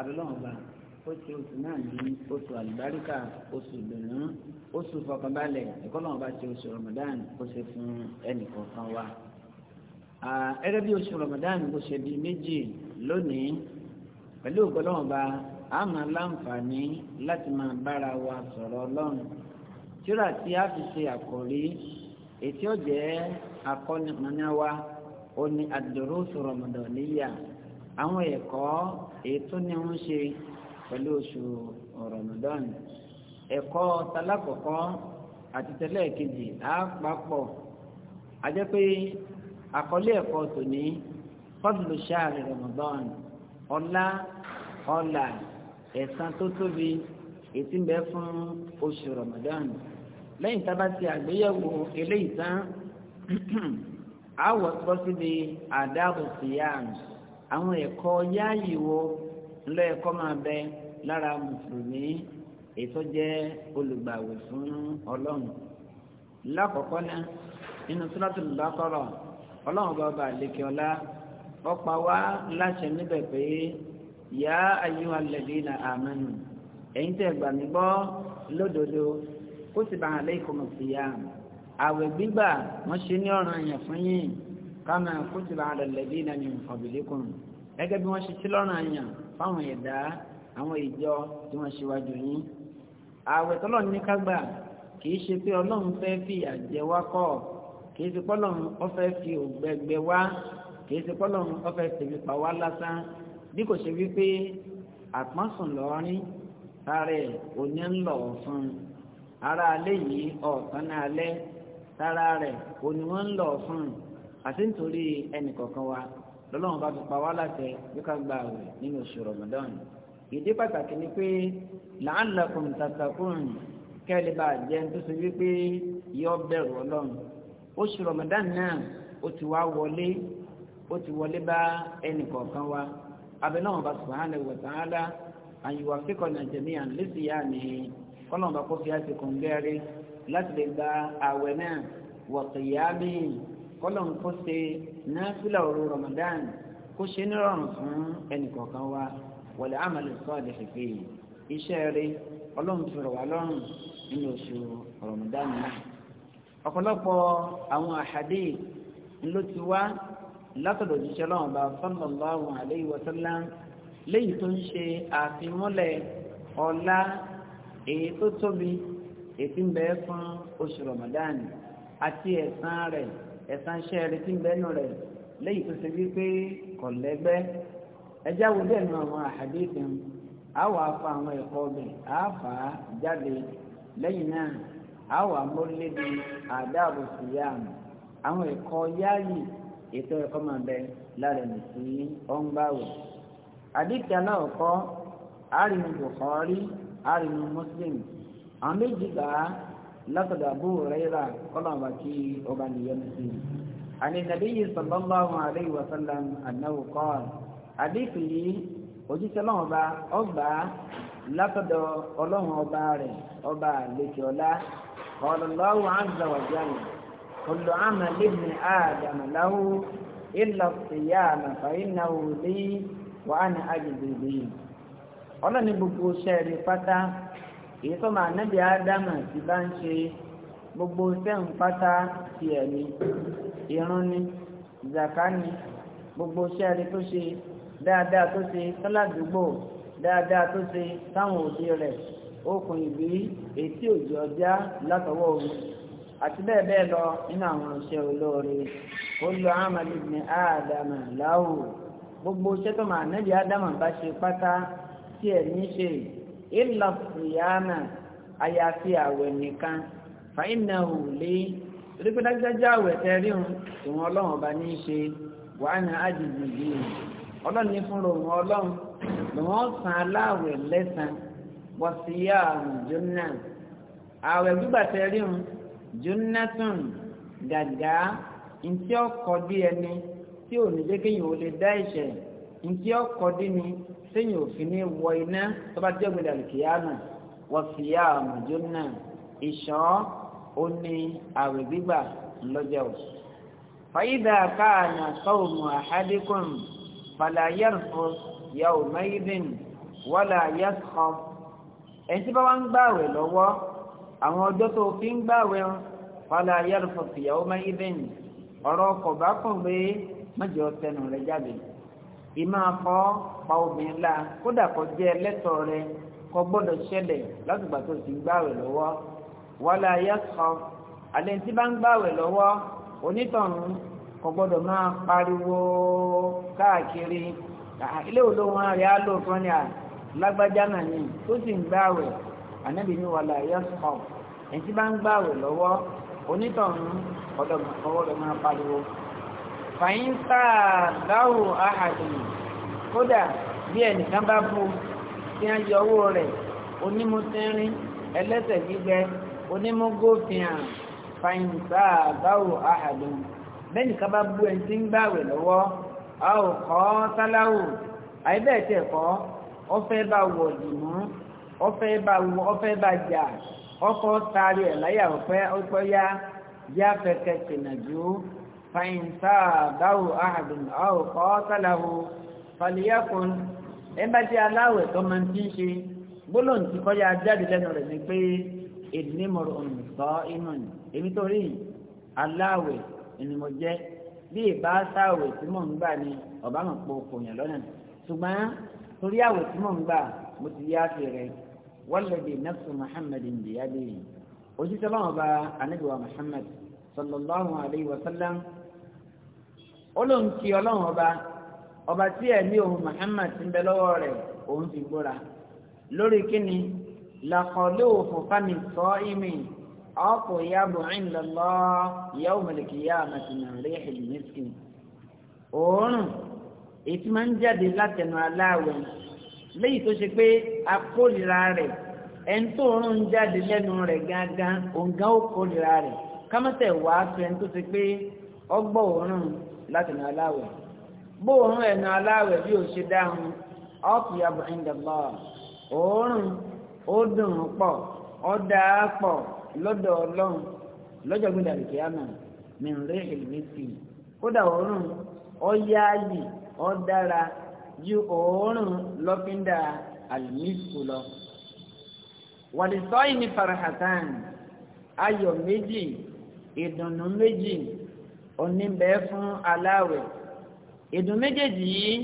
abẹ́lọ́wọ́ba ó ṣe oṣù náà ní oṣù àlùbáríkà oṣù ìdùnnú oṣù fọkànbalẹ̀ ìkọlọ́wọ́ba ṣe oṣù Ramadan ó ṣe fún ẹnìkọ̀ọ̀kan wa. ẹgẹ́ bí oṣù Ramadan kò ṣe di méjì lónìí pẹ̀lú ìkọlọ́wọ́ba a máa láǹfààní láti máa bára wa sọ̀rọ̀ ọlọ́run tíra tí a fi ṣe àkòrí ètí ọ̀jẹ̀ akọ́nimọ̀nà wa ó ní ad-durus Ramadaniyya àwọn ẹ̀kọ́ ètò ni wọ́n ṣe pẹ̀lú oṣù Ramadan ẹ̀kọ́ talakọ̀kọ́ àti tẹ́lẹ̀ kejì àápapọ̀ àjẹ́ pé àkọlé ẹ̀kọ́ tòní fọ́dùlù ṣáàrì Ramadan ọlá ọlà ẹ̀san tó tóbi ètí ń bẹ fún oṣù Ramadan lẹ́yìn tábà ti àgbéyẹ̀wò eléyìí tán àwọ̀ tó síbi àdáàbò síyá àwọn ẹ̀kọ́ yáàyè wo ńlọ ẹ̀kọ́ máa bẹ lára mùsùlùmí ètò jẹ́ olùgbàwẹ̀ fún ọlọ́run lákọ̀ọ́kọ́ náà nínú Suratul Baqara ọlọ́run bàbá àlekè ọlá ọ̀pá wa láṣẹ níbẹ̀ pé yá ayyuhal ladina amanu ẹ̀yin tẹ́ gbà mí gbọ́ lódodo kutiba alaykumus siyam àwẹ̀ gbígbà wọ́n ṣe ní ọ̀ranyàn fún yín kama kutiba alal ladina min qablikum gẹ́gẹ́ bí wọ́n ṣe ti lọ́ranyàn fáwọn ẹ̀dá àwọn ìjọ tí wọ́n ṣíwájú yín ààwẹ̀ tọ́lọ́run ní kágbà kìí ṣe pé ọlọ́run fẹ́ fi àjẹ wá kọ́ kìí ṣe pọ́lọ́run ó fẹ́ fi ògbẹ́gbẹ́ wá kìí ṣe pọ́lọ́run ó fẹ́ tèmi pa wá lásán bí kò ṣe wípé àpọ́nsùn lọ́ọ́rín tààrẹ òní ń lọ̀ fún un ara alẹ́ yìí ọ̀kan náà alẹ́ tààrà rẹ̀ òní wọ́n ń lọ̀ fún un àti nítorí ẹnìkọ̀ọ̀kan wa lọ́lọ́run bá ti pa wá láṣẹ bí gba àwẹ̀ nínú oṣù Ramadan ìdí pàtàkì ni pé la'allakum tattaqun kẹ́lẹ́ bá jẹ́ tó ṣe wípé yọ bẹ̀rù ọlọ́run oṣù Ramadan náà ó ti wá wọlé ó ti wọlé bá ẹnì kọ̀ọ̀kan wa abẹ́lẹ́wọ̀n bá subhanahu wa ta'ala àyùwà fíkọ̀nà jami'an lisiyami kọ́lọ́n bá kó fi àti kọ̀ǹgẹ́rẹ́ láti lè gba àwẹ̀ náà wa kọ́lọ́n kó ṣe náfìlà òru Ramadan kó ṣe nírọ̀rùn fún ẹnìkọ̀ọ̀kan wa wọlé àmàlẹ̀ sọ́ọ̀lẹ̀ fèfè iṣẹ́ rẹ̀ ọlọ́run fi rọ̀ wá lọ́rùn nínú oṣù Ramadan náà ọ̀pọ̀lọpọ̀ àwọn àhàdé ló ti wá látọ̀dọ̀ jíṣẹ́ lọ́wọ́n bá sallallahu alayhi wa sallam léyìí tó ń ṣe àfimúlẹ̀ ọlá èyí tó tóbi ètí ń bẹ fún oṣù Ramadan àti ẹ̀san rẹ̀ ẹ̀sán iṣẹ́ rẹ̀ tí ń bẹ́nu rẹ̀ léyìí tó ṣe wípé kò lẹ́gbẹ́ ẹjá wo bẹ́ẹ̀ nu àwọn àhàdíìsì ń á wà fa àwọn ẹ̀kọ́ ọbẹ̀ á fà á jáde lẹ́yìn náà á wà mórílẹ́dì àdáàbò síyàm àwọn ẹ̀kọ́ yáàyè ètò ẹ̀kọ́ máa bẹ lára ẹ̀mí sí ọ̀ngbàwẹ̀ àdìsí aláwọ̀kọ́ àrìnbùkọ́rí àrìnbùmùsùlùmí àwọn méjì gbà látọ̀dọ̀ Abu Hurairah ọlọ́ọ̀bà kí ọba nìyẹn sí i. àní nàbíyí sallallahu alayhi wa sallam annahu qala àdéhùn yìí òjíṣẹ́ ọlọ́run ọba ọgbà látọ̀dọ̀ ọlọ́run ọba rẹ̀ ọba àlejò ọlá Allahu azza wa jalla kullu amali ibni Adama lahu illa as-siyama fa na ọlọ́ni gbogbo sẹ́ẹ̀rì pátá èyí tó máa nẹ́bí ádámà ti bá ń ṣe gbogbo sẹ́hùn pátá ti ẹ̀mí irun ni zaka ni gbogbo sẹ́ẹ̀rí tó ṣe dáadáa tó ṣe sọ́ládùúgbò dáadáa tó ṣe sáwọn òde rẹ̀ okùn ìbí etí òjò ọjà látọwọ́ omi àti bẹ́ẹ̀ bẹ́ẹ̀ lọ nínú àwọn iṣẹ́ olóore ó lọ amadu ibn ádámà láwù gbogbo iṣẹ́ tó máa nẹ́bí ádámà bá ṣe pátá tí ẹ̀mí ṣe ìlà fìyàmà àyàfi àwẹ̀ nìkan fàínà ò lé torípé dájúdájú àwẹ̀ tẹ́rí hùn ìwọ̀n ọlọ́run ọba ní í ṣe wà ní àjèjì yìí ọlọ́run ní fúnra òun ọlọ́run lòun san aláwẹ̀ lẹ́sàn wọ́n sì yá àrùn jóná àwẹ̀ gbígbà tẹ́rí hùn jóná tún gàgà ntí ọkọ̀ bí ẹni tí ò ní jẹ́ ò lè dá ìṣẹ̀lẹ̀ ntí ọkọ̀ dín ní sẹ́yìn òfin ní wọ iná tó bá jẹ́ gbẹ̀dẹ̀ àlùkìyàmù wọ́n fi yá àmùjọ náà ìṣọ́ ó ní àwẹ̀ gbígbà ńlọ́jọ́ o. fàyídà káàní àtọ́wòmù àhádékùn fàlà yẹ́rùfù yàwó mẹ́yìdìn wọ́là yẹ́sùkọ́. ẹni bá wá ń gbàwẹ̀ lọ́wọ́ àwọn ọjọ́ tó fi ń gbàwẹ̀ fàlà yàwó mẹ́yìdìn ọ̀rọ̀ kọ̀bákùn pé mẹ́jọ tẹnu rẹ̀ jáde ìmọ̀ akọ́ pa obìnrin la kódà kó jẹ́ ẹlẹ́tọ̀ọ́ rẹ kó gbọ́dọ̀ ṣẹlẹ̀ látìgbà tó ti gbààwẹ̀ lọ́wọ́ wàhálà yàtọ̀ àlẹ́ tí bá ń gbààwẹ̀ lọ́wọ́ onítọ̀run kò gbọ́dọ̀ máa pariwo káàkiri ilé olóhùn rẹ̀ á lò fún ni à lágbájá náà ni tó sì ń gbààwẹ̀ ànábì ní wàhálà yàtọ̀ ẹ̀ tí bá ń gbààwẹ̀ lọ́wọ́ onítọ̀run kò gbọ́dọ̀ máa pariwo fàyínsà láwù ahàdì kódà bí ẹnìkan bá bu tí a yọ owó rẹ̀ onímútínrín ẹlẹ́sẹ̀ gbígbẹ onímúgòfìhàn fàyínsà láwù bá ẹni tí ń gbàwẹ̀ lọ́wọ́ a ò kọ́ sáláwù àìbẹ́ẹ̀ bá wọ̀ dìmú ọfẹ́ bá wọ ọfẹ́ bá jà ọkọ̀ ẹ̀ láyà ọ̀pẹ́ yá فإن تابه أحد أو قاتله فليكن ẹgbẹ́ tí aláwẹ̀ tó máa ń tí ń ṣe gbólóhùn tí kọjá jáde lẹ́nu rẹ̀ ni pé ìdínímọ̀rọ̀ òun sọ inú ni èmi tó rí aláwẹ̀ ìnìmọ̀ jẹ́ bí ìbá sáwẹ̀ tí mò ń gbà ni ọ̀bá mọ̀ pọ̀ kò yàn lọ́nà ṣùgbọ́n torí àwẹ̀ tí mò ń gbà mo ti yá fi rẹ̀ wọ́lẹ̀dì nafsu muhammed ndíyàdé òṣìṣẹ́ báwọn bá anábìwá muhammed sallallahu alayhi wa sallam olóhùn kí ọlọ́run ọba ọba tí ẹ̀mí òun Muhammad ti ń bẹ lọ́wọ́ rẹ̀ òun fi gbóra lórí kíni làkọ̀ọ́lẹ́ òfò fami sọ ìmì ọkọ̀ ìyá bùnrin lọ́lọ́ ìyá òmìnirí ìyá àmàtìmọ̀ rí ìlúmísìkì òórùn ètí máa ń jáde látẹnu aláàwẹ̀ léyìí tó ṣe pé akórira rẹ̀ ẹni tó òórùn jáde lẹ́nu rẹ̀ gángan òǹgá ó kórira rẹ̀ kámẹ́tẹ̀ wàá ẹni tó ṣe pé ọgbọ́ òórùn láti nà aláwẹ̀ bóòrùn ẹ̀nà aláwẹ̀ bí ó ṣe dáhùn ọ́pìyàbọ̀ ìndàlọ́ òórùn ó dùn pọ̀ ó dáa pọ̀ lọ́dọ̀ ọlọ́run lọ́jọ́ gbé dàríkì àmà mìíràn ìrìnsì kódà òórùn ó yáàyè ó dára ju òórùn lọ́fíńdà àlùmísù lọ. wàlìsọ́yìn ní farahàtàn ayọ̀ méjì ìdùnnú méjì òní bẹ́ẹ̀ fún aláwẹ̀ ìdùn méjèèjì yìí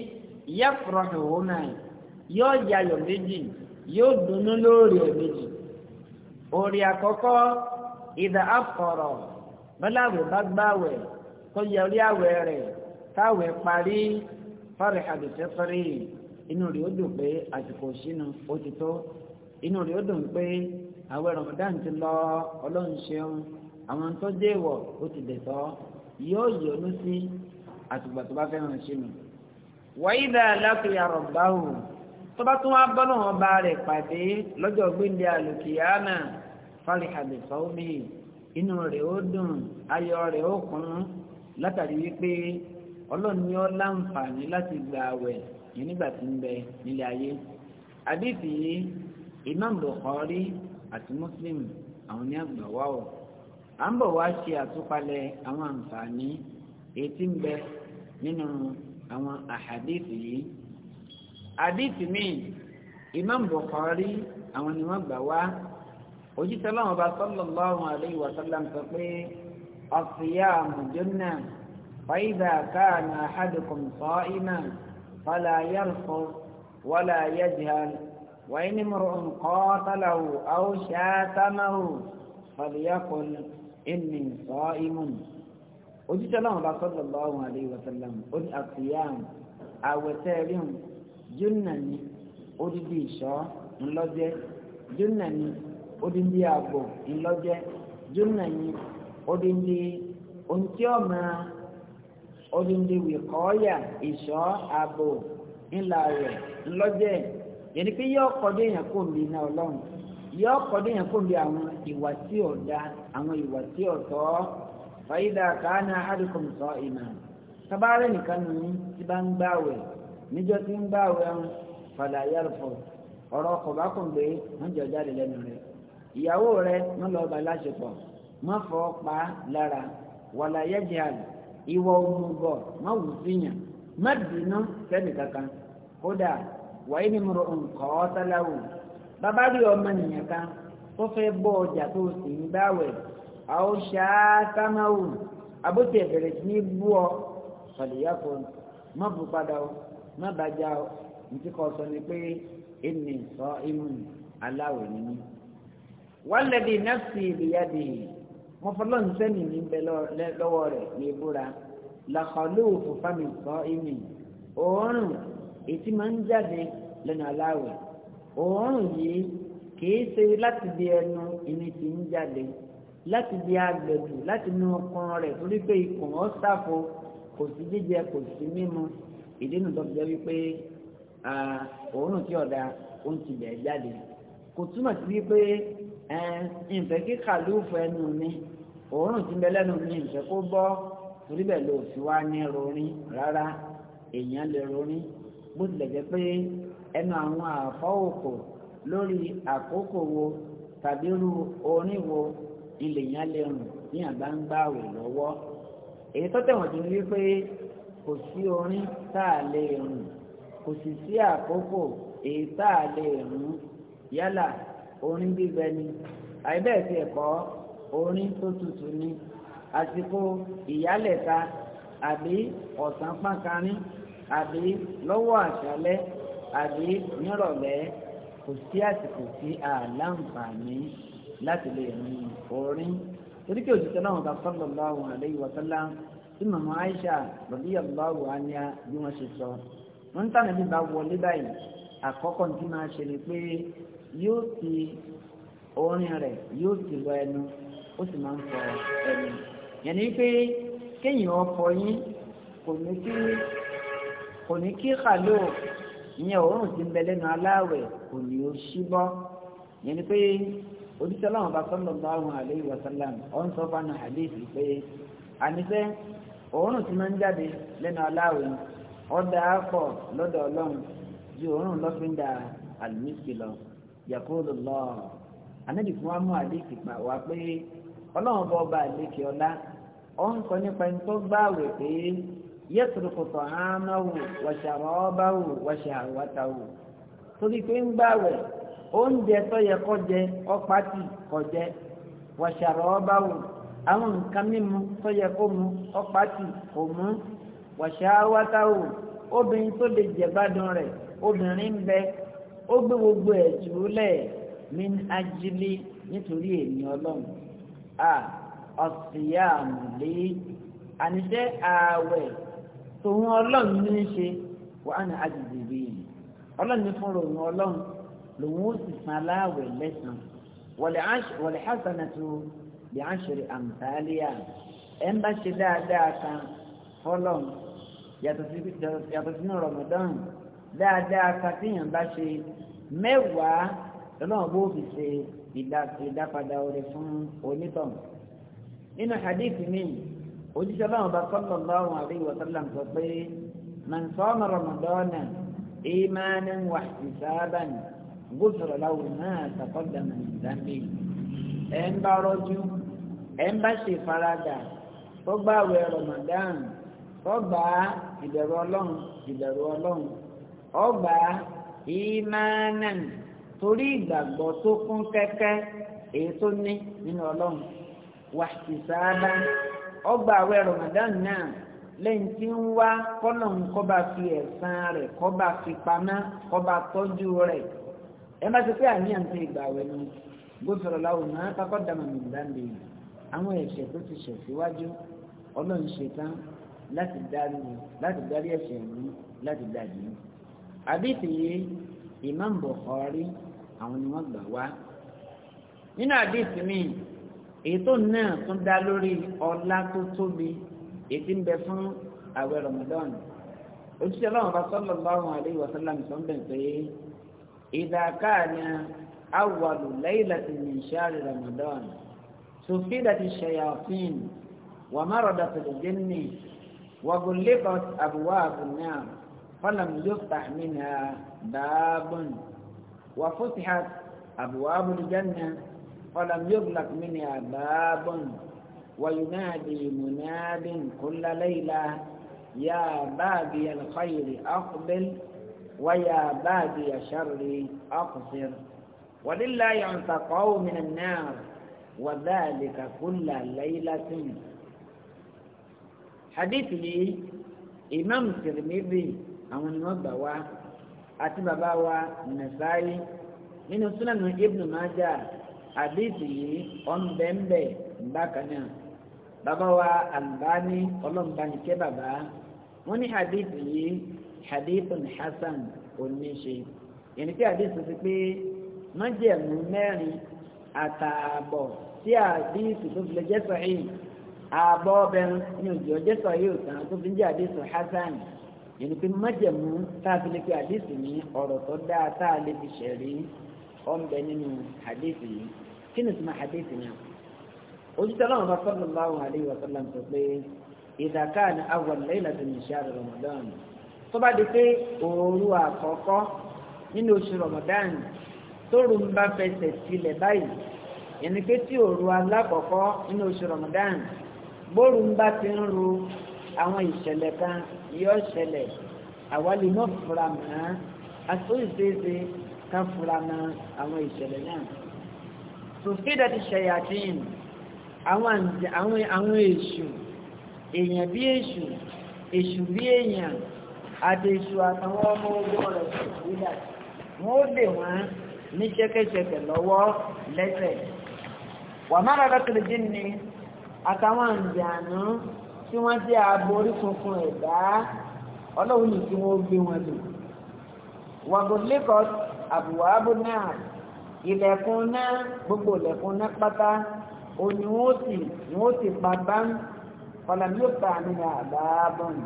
ìyá fúrọ̀hìn òun náà yóò yayọ̀ méjì yóò dunnú lórí ẹ̀ méjì orí àkọ́kọ́ ìdá àfọ̀rọ̀ bọ́láwẹ̀ bá gbáwẹ̀ kó yọrí àwẹ̀ rẹ̀ táwẹ̀ parí fọ́rẹ̀ àdùsẹ́fẹ́rẹ́ inú rẹ̀ ó dùn pé àsìkò sínú ó ti tó inú rẹ̀ ó dùn pé àwẹ̀ Ramadan ti lọ ọlọ́run ṣeun àwọn tó dé wọ̀ ó ti dẹ̀ tọ́. yóò yọnu sí àtùgbà tó bá fẹ́ràn ṣe mi. wáyé dá lápẹ̀yà o tó bá tún wá bọ́nà wọn bá rẹ̀ pàdé lọ́jọ́ gbéńdé àlùkìyàmà fárí àbẹ̀fọ́ omi inú rẹ̀ ó dùn ayọ̀ rẹ̀ ó kún látàrí wípé ni ó láǹfààní láti gba àwẹ̀ nígbà tí ń bẹ nílé ayé àdìsí Imam àti Muslim àwọn ní àgbà wà ó. à ń bọ̀ wá ṣe àtúpalẹ̀ àwọn àǹfààní èyí tí ń bẹ nínú àwọn àhàdíìsì yìí àdíìsì míì Imam Bukhari àwọn ni wọ́n gbà wá òjíṣẹ́ Ọlọ́run ọba sallallahu alayhi wa sallam sọ pé as-siyamu junnah fa idha kana ahadukum sa'iman fala yarfuth wala yajhal wa in imru'un qatalahu aw shatamahu inni sa'imun òjíṣẹ́ láwọn bá sallallahu alayhi wa sallam ó ní àtìyàm àwẹ̀tẹ́ ríhùn júnà ní odidi ìṣọ́ ńlọ́jẹ́ júnà ní odidi ààbò ńlọ́jẹ́ júnà ní odidi ohun tí ó wìkọ́ọ̀yà ìṣọ́ ààbò ńlá rẹ̀ ńlọ́jẹ́ yẹn ni pé dé èèyàn kò ní iná ọlọ́run yọ kọ́dún yẹn fún bí àwọn ìwà tí ò da àwọn ìwà tí ò tọ́ fàyídà kàánà àdìkùn sọ ìmọ̀ tabaarẹ nìkan nù ní tí bá ń gbààwẹ̀ níjọ́ tí ń gbààwẹ̀ ń fàdà yàrfọ̀ ọ̀rọ̀ kọ̀bákùngbé wọ́n jọ jáde lẹ́nu rẹ̀ ìyàwó rẹ̀ wọ́n lọ bá láṣepọ̀ má fọ́ pa lára wàlà yẹ́jẹ̀ àlù ìwọ òmùgọ̀ má wù síyàn má dìínú sẹ́nì kankan kódà wàyí ni mo rò nǹkan ọ́ sáláwù bàbá rí ọmọ nìyẹn kan tó fẹ́ bọ́ ọjà tó sì ń gbáwẹ̀ àwòṣà támáwù àbótí ẹ̀bẹ̀rẹ̀ sí ní bú ọ fàlìyàpọ̀ má bù padà ọ má bàjá ọ nítí kọ́ sọ ni pé èmi sọ imú aláwẹ̀ nínú. wálẹ̀dì nafsi ìlúyàdì mọ́fọ́lọ́nsẹ́nì ní bẹ lọ́wọ́ rẹ̀ ní ìbúra làkọ́lù fúnfàmì sọ imú òórùn ètí máa ń jáde lẹ́nu aláwẹ̀ òórùn yìí kìí ṣe láti di ẹnu ìní tí ń jáde láti di agbẹ̀dù láti inú ọkàn rẹ̀ torí pé ikùn ọ́ sáfo kò sí jíjẹ kò sí mímu ìdí nu tó fi jẹ́ wípé òórùn tí ọ̀dà ó ń ti bẹ̀ẹ́ jáde kò túmọ̀ sí wípé ìfẹ́ kí kàlùfù ẹnu mi òórùn tí ń bẹ lẹ́nu mi ìfẹ́ kó bọ́ torí bẹ́ẹ̀ lò fi wá ní rorin rárá èèyàn lè rorin bó tilẹ̀ jẹ́ pé ẹnu àwọn àfọwòkò lórí àkókò wo tàbí irú orin wo ilẹ̀ yẹn lè rùn ní àgbáńgbá àwẹ̀ lọ́wọ́ èyí tó tẹ̀wọ̀n jù ní wípé kò sí orin tá a lè rùn kò sì sí àkókò èyí tá a lè rùn yálà orin bíbẹ ni àìbẹ́ẹ̀ ti ẹ̀kọ́ orin tó tutù ni àsìkò ìyálẹ̀ta àbí ọ̀sán pàkánì àbí lọ́wọ́ àṣálẹ́ àbí nírọ̀lẹ́ kò sí àsìkò tí a láǹfààní láti lè rìn orin torí pé òṣìṣẹ́ náà bá sallallahu alaihi wa sallam tí màmá Aisha radiyallahu anha bí wọ́n ṣe sọ wọ́n tànà bí bá wọlé báyìí àkọ́kọ́ tí máa ṣe ni pé yóò ti orin rẹ̀ yóò ti lọ ẹnu ó sì máa ń fọ ẹnu yẹn ni pé kéèyàn ọkọ yín kò ní kí kò ní kí kàlóò ìyẹn òórùn ti ń bẹ lẹ́nu aláwẹ̀ kò ní ó ṣíbọ́ yẹn ni pé oníṣẹ́ ọlọ́run bá sọ́nà bá wọn àléyìn wasalam ọ̀n sọ fánà àdéhìí pé àníṣẹ́ òórùn ti máa ń jáde lẹ́nu aláwẹ̀ ọ̀dà àpọ̀ lọ́dọ̀ ọlọ́run ju òórùn lọ́fíńdà àlùmísì lọ yàkóòlù lọ anábì fún wa mú àdéhìí pa wá pé ọlọ́run bọ́ ọba àlékè ọlá ọ̀n sọ nípa ẹni tó gbáwẹ̀ pé Yesu ta'amahu wa sharabahu wa shahwatahu so di pe ngbawe on de to ye ko je o pati ko je wa sharabahu awon kan mi mu to ye ko mu o pati ko mu wa shahwatahu to de je badon re o nrin nbe o gbe gbogbo e jule min ajli nitori emi a ah asiyam li anise awe tòun ọlọ́run ní í ṣe wà á ní àjèjì bí yìí ọlọ́run ní fúnra òun ọlọ́run lòun ó sì san aláàwẹ̀ lẹ́sàn-án wọ̀lẹ̀ hasanatu bí a ń ṣeré àmàlíyà ẹ̀ ń bá ṣe dáadáa kan fọlọ́n yàtọ̀ sínú Ramadan dáadáa kan tíyàn bá ṣe mẹ́wàá lọ́nà bó fi ṣe ìdápadà orí fún onítọ̀ nínú hadith mi òjíṣẹ́ láwọn bá sallallahu alaihi wa sallam sọ pé man sama ramadana imanan wa ihtisaban gbósọ̀rọ̀ láwùn náà tàkọ́dà màdàmì ẹ̀ ń bá rọ́jú ẹ̀ ń bá ṣe faradà tó gbà wẹ̀ Ramadan tó gbà ìbẹ̀rù ọlọ́run ìbẹ̀rù ọlọ́run ó gbà imanan torí ìgbàgbọ́ tó kún kẹ́kẹ́ èyí tó ní nínú ọlọ́run wàhísáábà ọgbà àwẹ̀ Ramadan náà lẹ́yìn tí ń wá kọ́nà kọ́ba fi ẹ̀san rẹ̀ kọ́ba fi pamọ́ kọ́ba tọ́jú rẹ̀ ẹ má ṣe pé àníyàn ti gbà àwẹ̀ ni gbófinró láwùjọ náà kákọ́ dàmà mí dáńdé àwọn ẹ̀ṣẹ̀ tó ti ṣẹ̀ síwájú ọlọ́run ṣetán láti darí láti darí ẹ̀ṣẹ̀ mi láti dàjú. àbíkì yìí Imam Bukhari àwọn ni wọ́n gbà wá nínú àdìsí míì ètò náà tún dá lórí ọlá tó tóbi ètí ń bẹ fún àwẹ̀ Ramadan òṣìṣẹ́ ọlọ́run bá sallallahu alaihi wasallam sọ́ńdẹ̀ pé idha kana awwalu laylatin min shahri Ramadan sufidati shayatin wa maradatil jinni wa ghulliqat abwabun nar falam yuftah minha babun wa futihat abwabul jannah. ولم يغلق منها باب وينادي مناد كل ليلة يا بادي الخير أقبل ويا بادي الشر أقصر ولله أنتقوا من النار وذلك كل ليلة حديث لي إمام الترمذي أو النبوة أتبابا àti من سنن ابن ماجه àdìsí yìí ọ̀nbẹ̀ǹbẹ̀ bákan náà bàbá wa Albani ọlọ́mbanìkẹ́ bàbá wọ́n ní àdìsí yìí hadithun hasan oníṣe yẹnni pé àdìsí ti pé májẹ̀mú mẹ́rin àtààbọ̀ tí àdìsí tó fi lè jẹ́ sọ̀hìn ààbọ̀ ọbẹ̀rún ní òjò ọjọ́ sọ̀hìn òtàn tó fi ń jẹ́ àdìsí hasan yẹnni pé májẹ̀mú tá a fi lè fi àdìsí ní ọ̀rọ̀ tó dáa tá a lè fi ṣẹ̀rí ọ̀nbẹ nínú hadithi yìí kí ni tuma hadithi náà ojútọ́ lọ́wọ́ bá sallallahu alayhi wa sallam sọ pé idha kana awwal laylatin min shahr Ramadan tó bá di pé òru àkọ́kọ́ nínú oṣù Ramadan tóru ń bá fẹsẹ̀ sílẹ̀ báyìí yẹnni pé tí òru alákọ̀ọ́kọ́ nínú oṣù Ramadan bóru ń bá ti ń ru àwọn ìṣẹ̀lẹ̀ kan yóò ṣẹlẹ̀ àwa lè fura mọ́ àtúnṣe ṣe kán fura na àwọn ìṣẹ̀lẹ̀ náà sòfídà ti ṣẹ̀yàtín àwọn èṣù èèyàn bí èṣù èṣù bí èèyàn àti èṣù àtàwọn ọmọ ogun ọ̀rọ̀ sòfídà wọ́n lè wọ́n ní ṣẹ́kẹ́ṣẹkẹ̀ lọ́wọ́ lẹ́sẹ̀ wà má rárá kìrìjì ni àtàwọn àǹjànú tí wọ́n jẹ́ abo orí funfun ẹ̀dá ọlọ́run ní kí wọ́n gbé wọn lò wàgò lẹ́kọ̀ọ́ àbùwáàbù náà ilẹ̀kùn náà gbogbo ilẹ̀kùn náà pátá o ni wọ́n ti wọ́n ti pa bán ọ̀là ní òkè àmì àbáàbọ̀ nù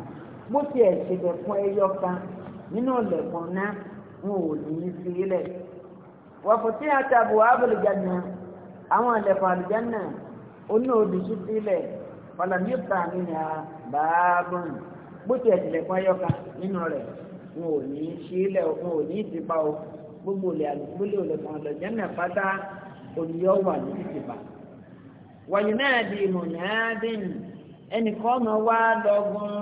bó ti ẹ̀ ṣe lẹ̀kùn ẹyọ kan nínú ilẹ̀kùn náà wọn ò ní í fi ilẹ̀ wọ̀fù tí a ta àbùwáàbù lìjànà àwọn ilẹ̀kùn àlìjànà onú òdìṣú sílẹ̀ ọ̀là ní òkè àmì àbáàbọ̀ nù bó ti ẹ̀ ṣe lẹ̀kùn ẹyọ kan nínú rẹ̀ wọn ò ní í ṣe ilẹ̀ wọn ò ní í ti pa o gbogbo olè àgbélé olè kan lọ jẹ́ náà pátá olùyọ́ wà ní ìdìbà. wàyí náà di mọ̀nàádìn ẹnìkan ọmọ wa lọ́gbọ́n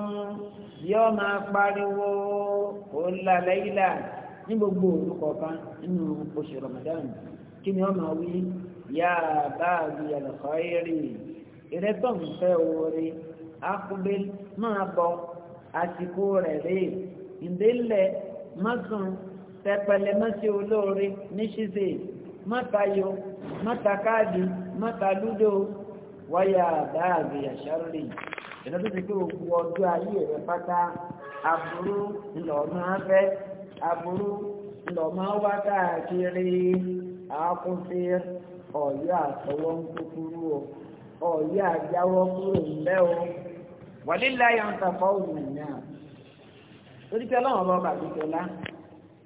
yóò máa pariwo òǹlà lẹ́yìnlá ní gbogbo òru kọ̀ọ̀kan nínú oṣù Ramadan kí ni ọmọ wí yá báàbí àlùkò ẹ̀rì ìrẹ́tọ̀ ń akúbẹ́ máa bọ̀ àsìkò rẹ̀ rè ìdílé mọ́sùn tẹpẹlẹ mọ́sí olóore ní ṣíṣe mọ́tayọ mọ́takáàdì mọ́talúdó wáyà dáàbì àṣàrì ìlú tó ti pé òkú ọjọ́ ayé rẹ̀ pátá aburú ńlọ máa fẹ́ aburú ńlọ máa wá káàkiri àákúnfẹ́ ọ̀yọ́ àtọwọ́ ń kúkúrú o ọ̀yọ́ àjáwọ́ kúrò ńlẹ́ o wàlíláyà ń tàfọ́ òun náà torí ọlọ́run ọba bàbí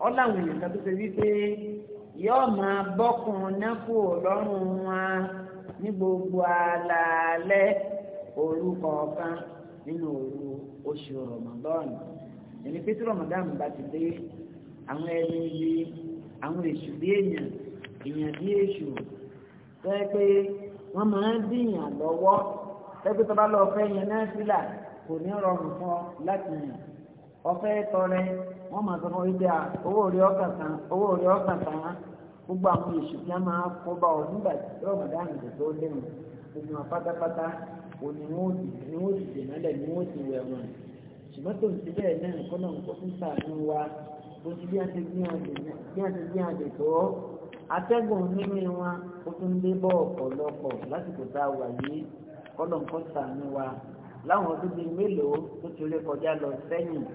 ọláwọn èèyàn kan tó ṣe wípé yóò máa bọ́kùn náfò lọ́rùn wa ní gbogbo alaalẹ́ òru kọ̀ọ̀kan nínú òru oṣù rọ̀mọ̀dọ́ọ̀nù ẹni pé bá ti dé àwọn ẹni ibi àwọn èṣù bí èèyàn èèyàn bí èṣù tó pé wọ́n máa ń dìyàn lọ́wọ́ tẹ́gbẹ́ tó bá lọ fẹ́ yẹn náà sílà wọ́n máa sọ fún wípé owó orí ọkàn kan owó orí ọkàn kan gbogbo àwọn èṣù tí a máa kó bá ọ nígbà tí Ramadan kò tó léwu gbogbo wọn pátápátá òní wọn ò sì dè mọ́lẹ̀ ni wọ́n ti wẹ̀ wọn ṣùgbọ́n tó ń ti bẹ́ẹ̀ náà kọ́ náà kó fún sàánú wa bó ti bí a ti gbé àdè tó atẹ́gùn mímí wọn ó tún dé bọ́ ọ̀pọ̀lọpọ̀ lásìkò tá a wà yìí kọ́ náà kó sàánú wa láwọn ọdún bíi mélòó tó ti ré kọjá lọ sẹ́yìn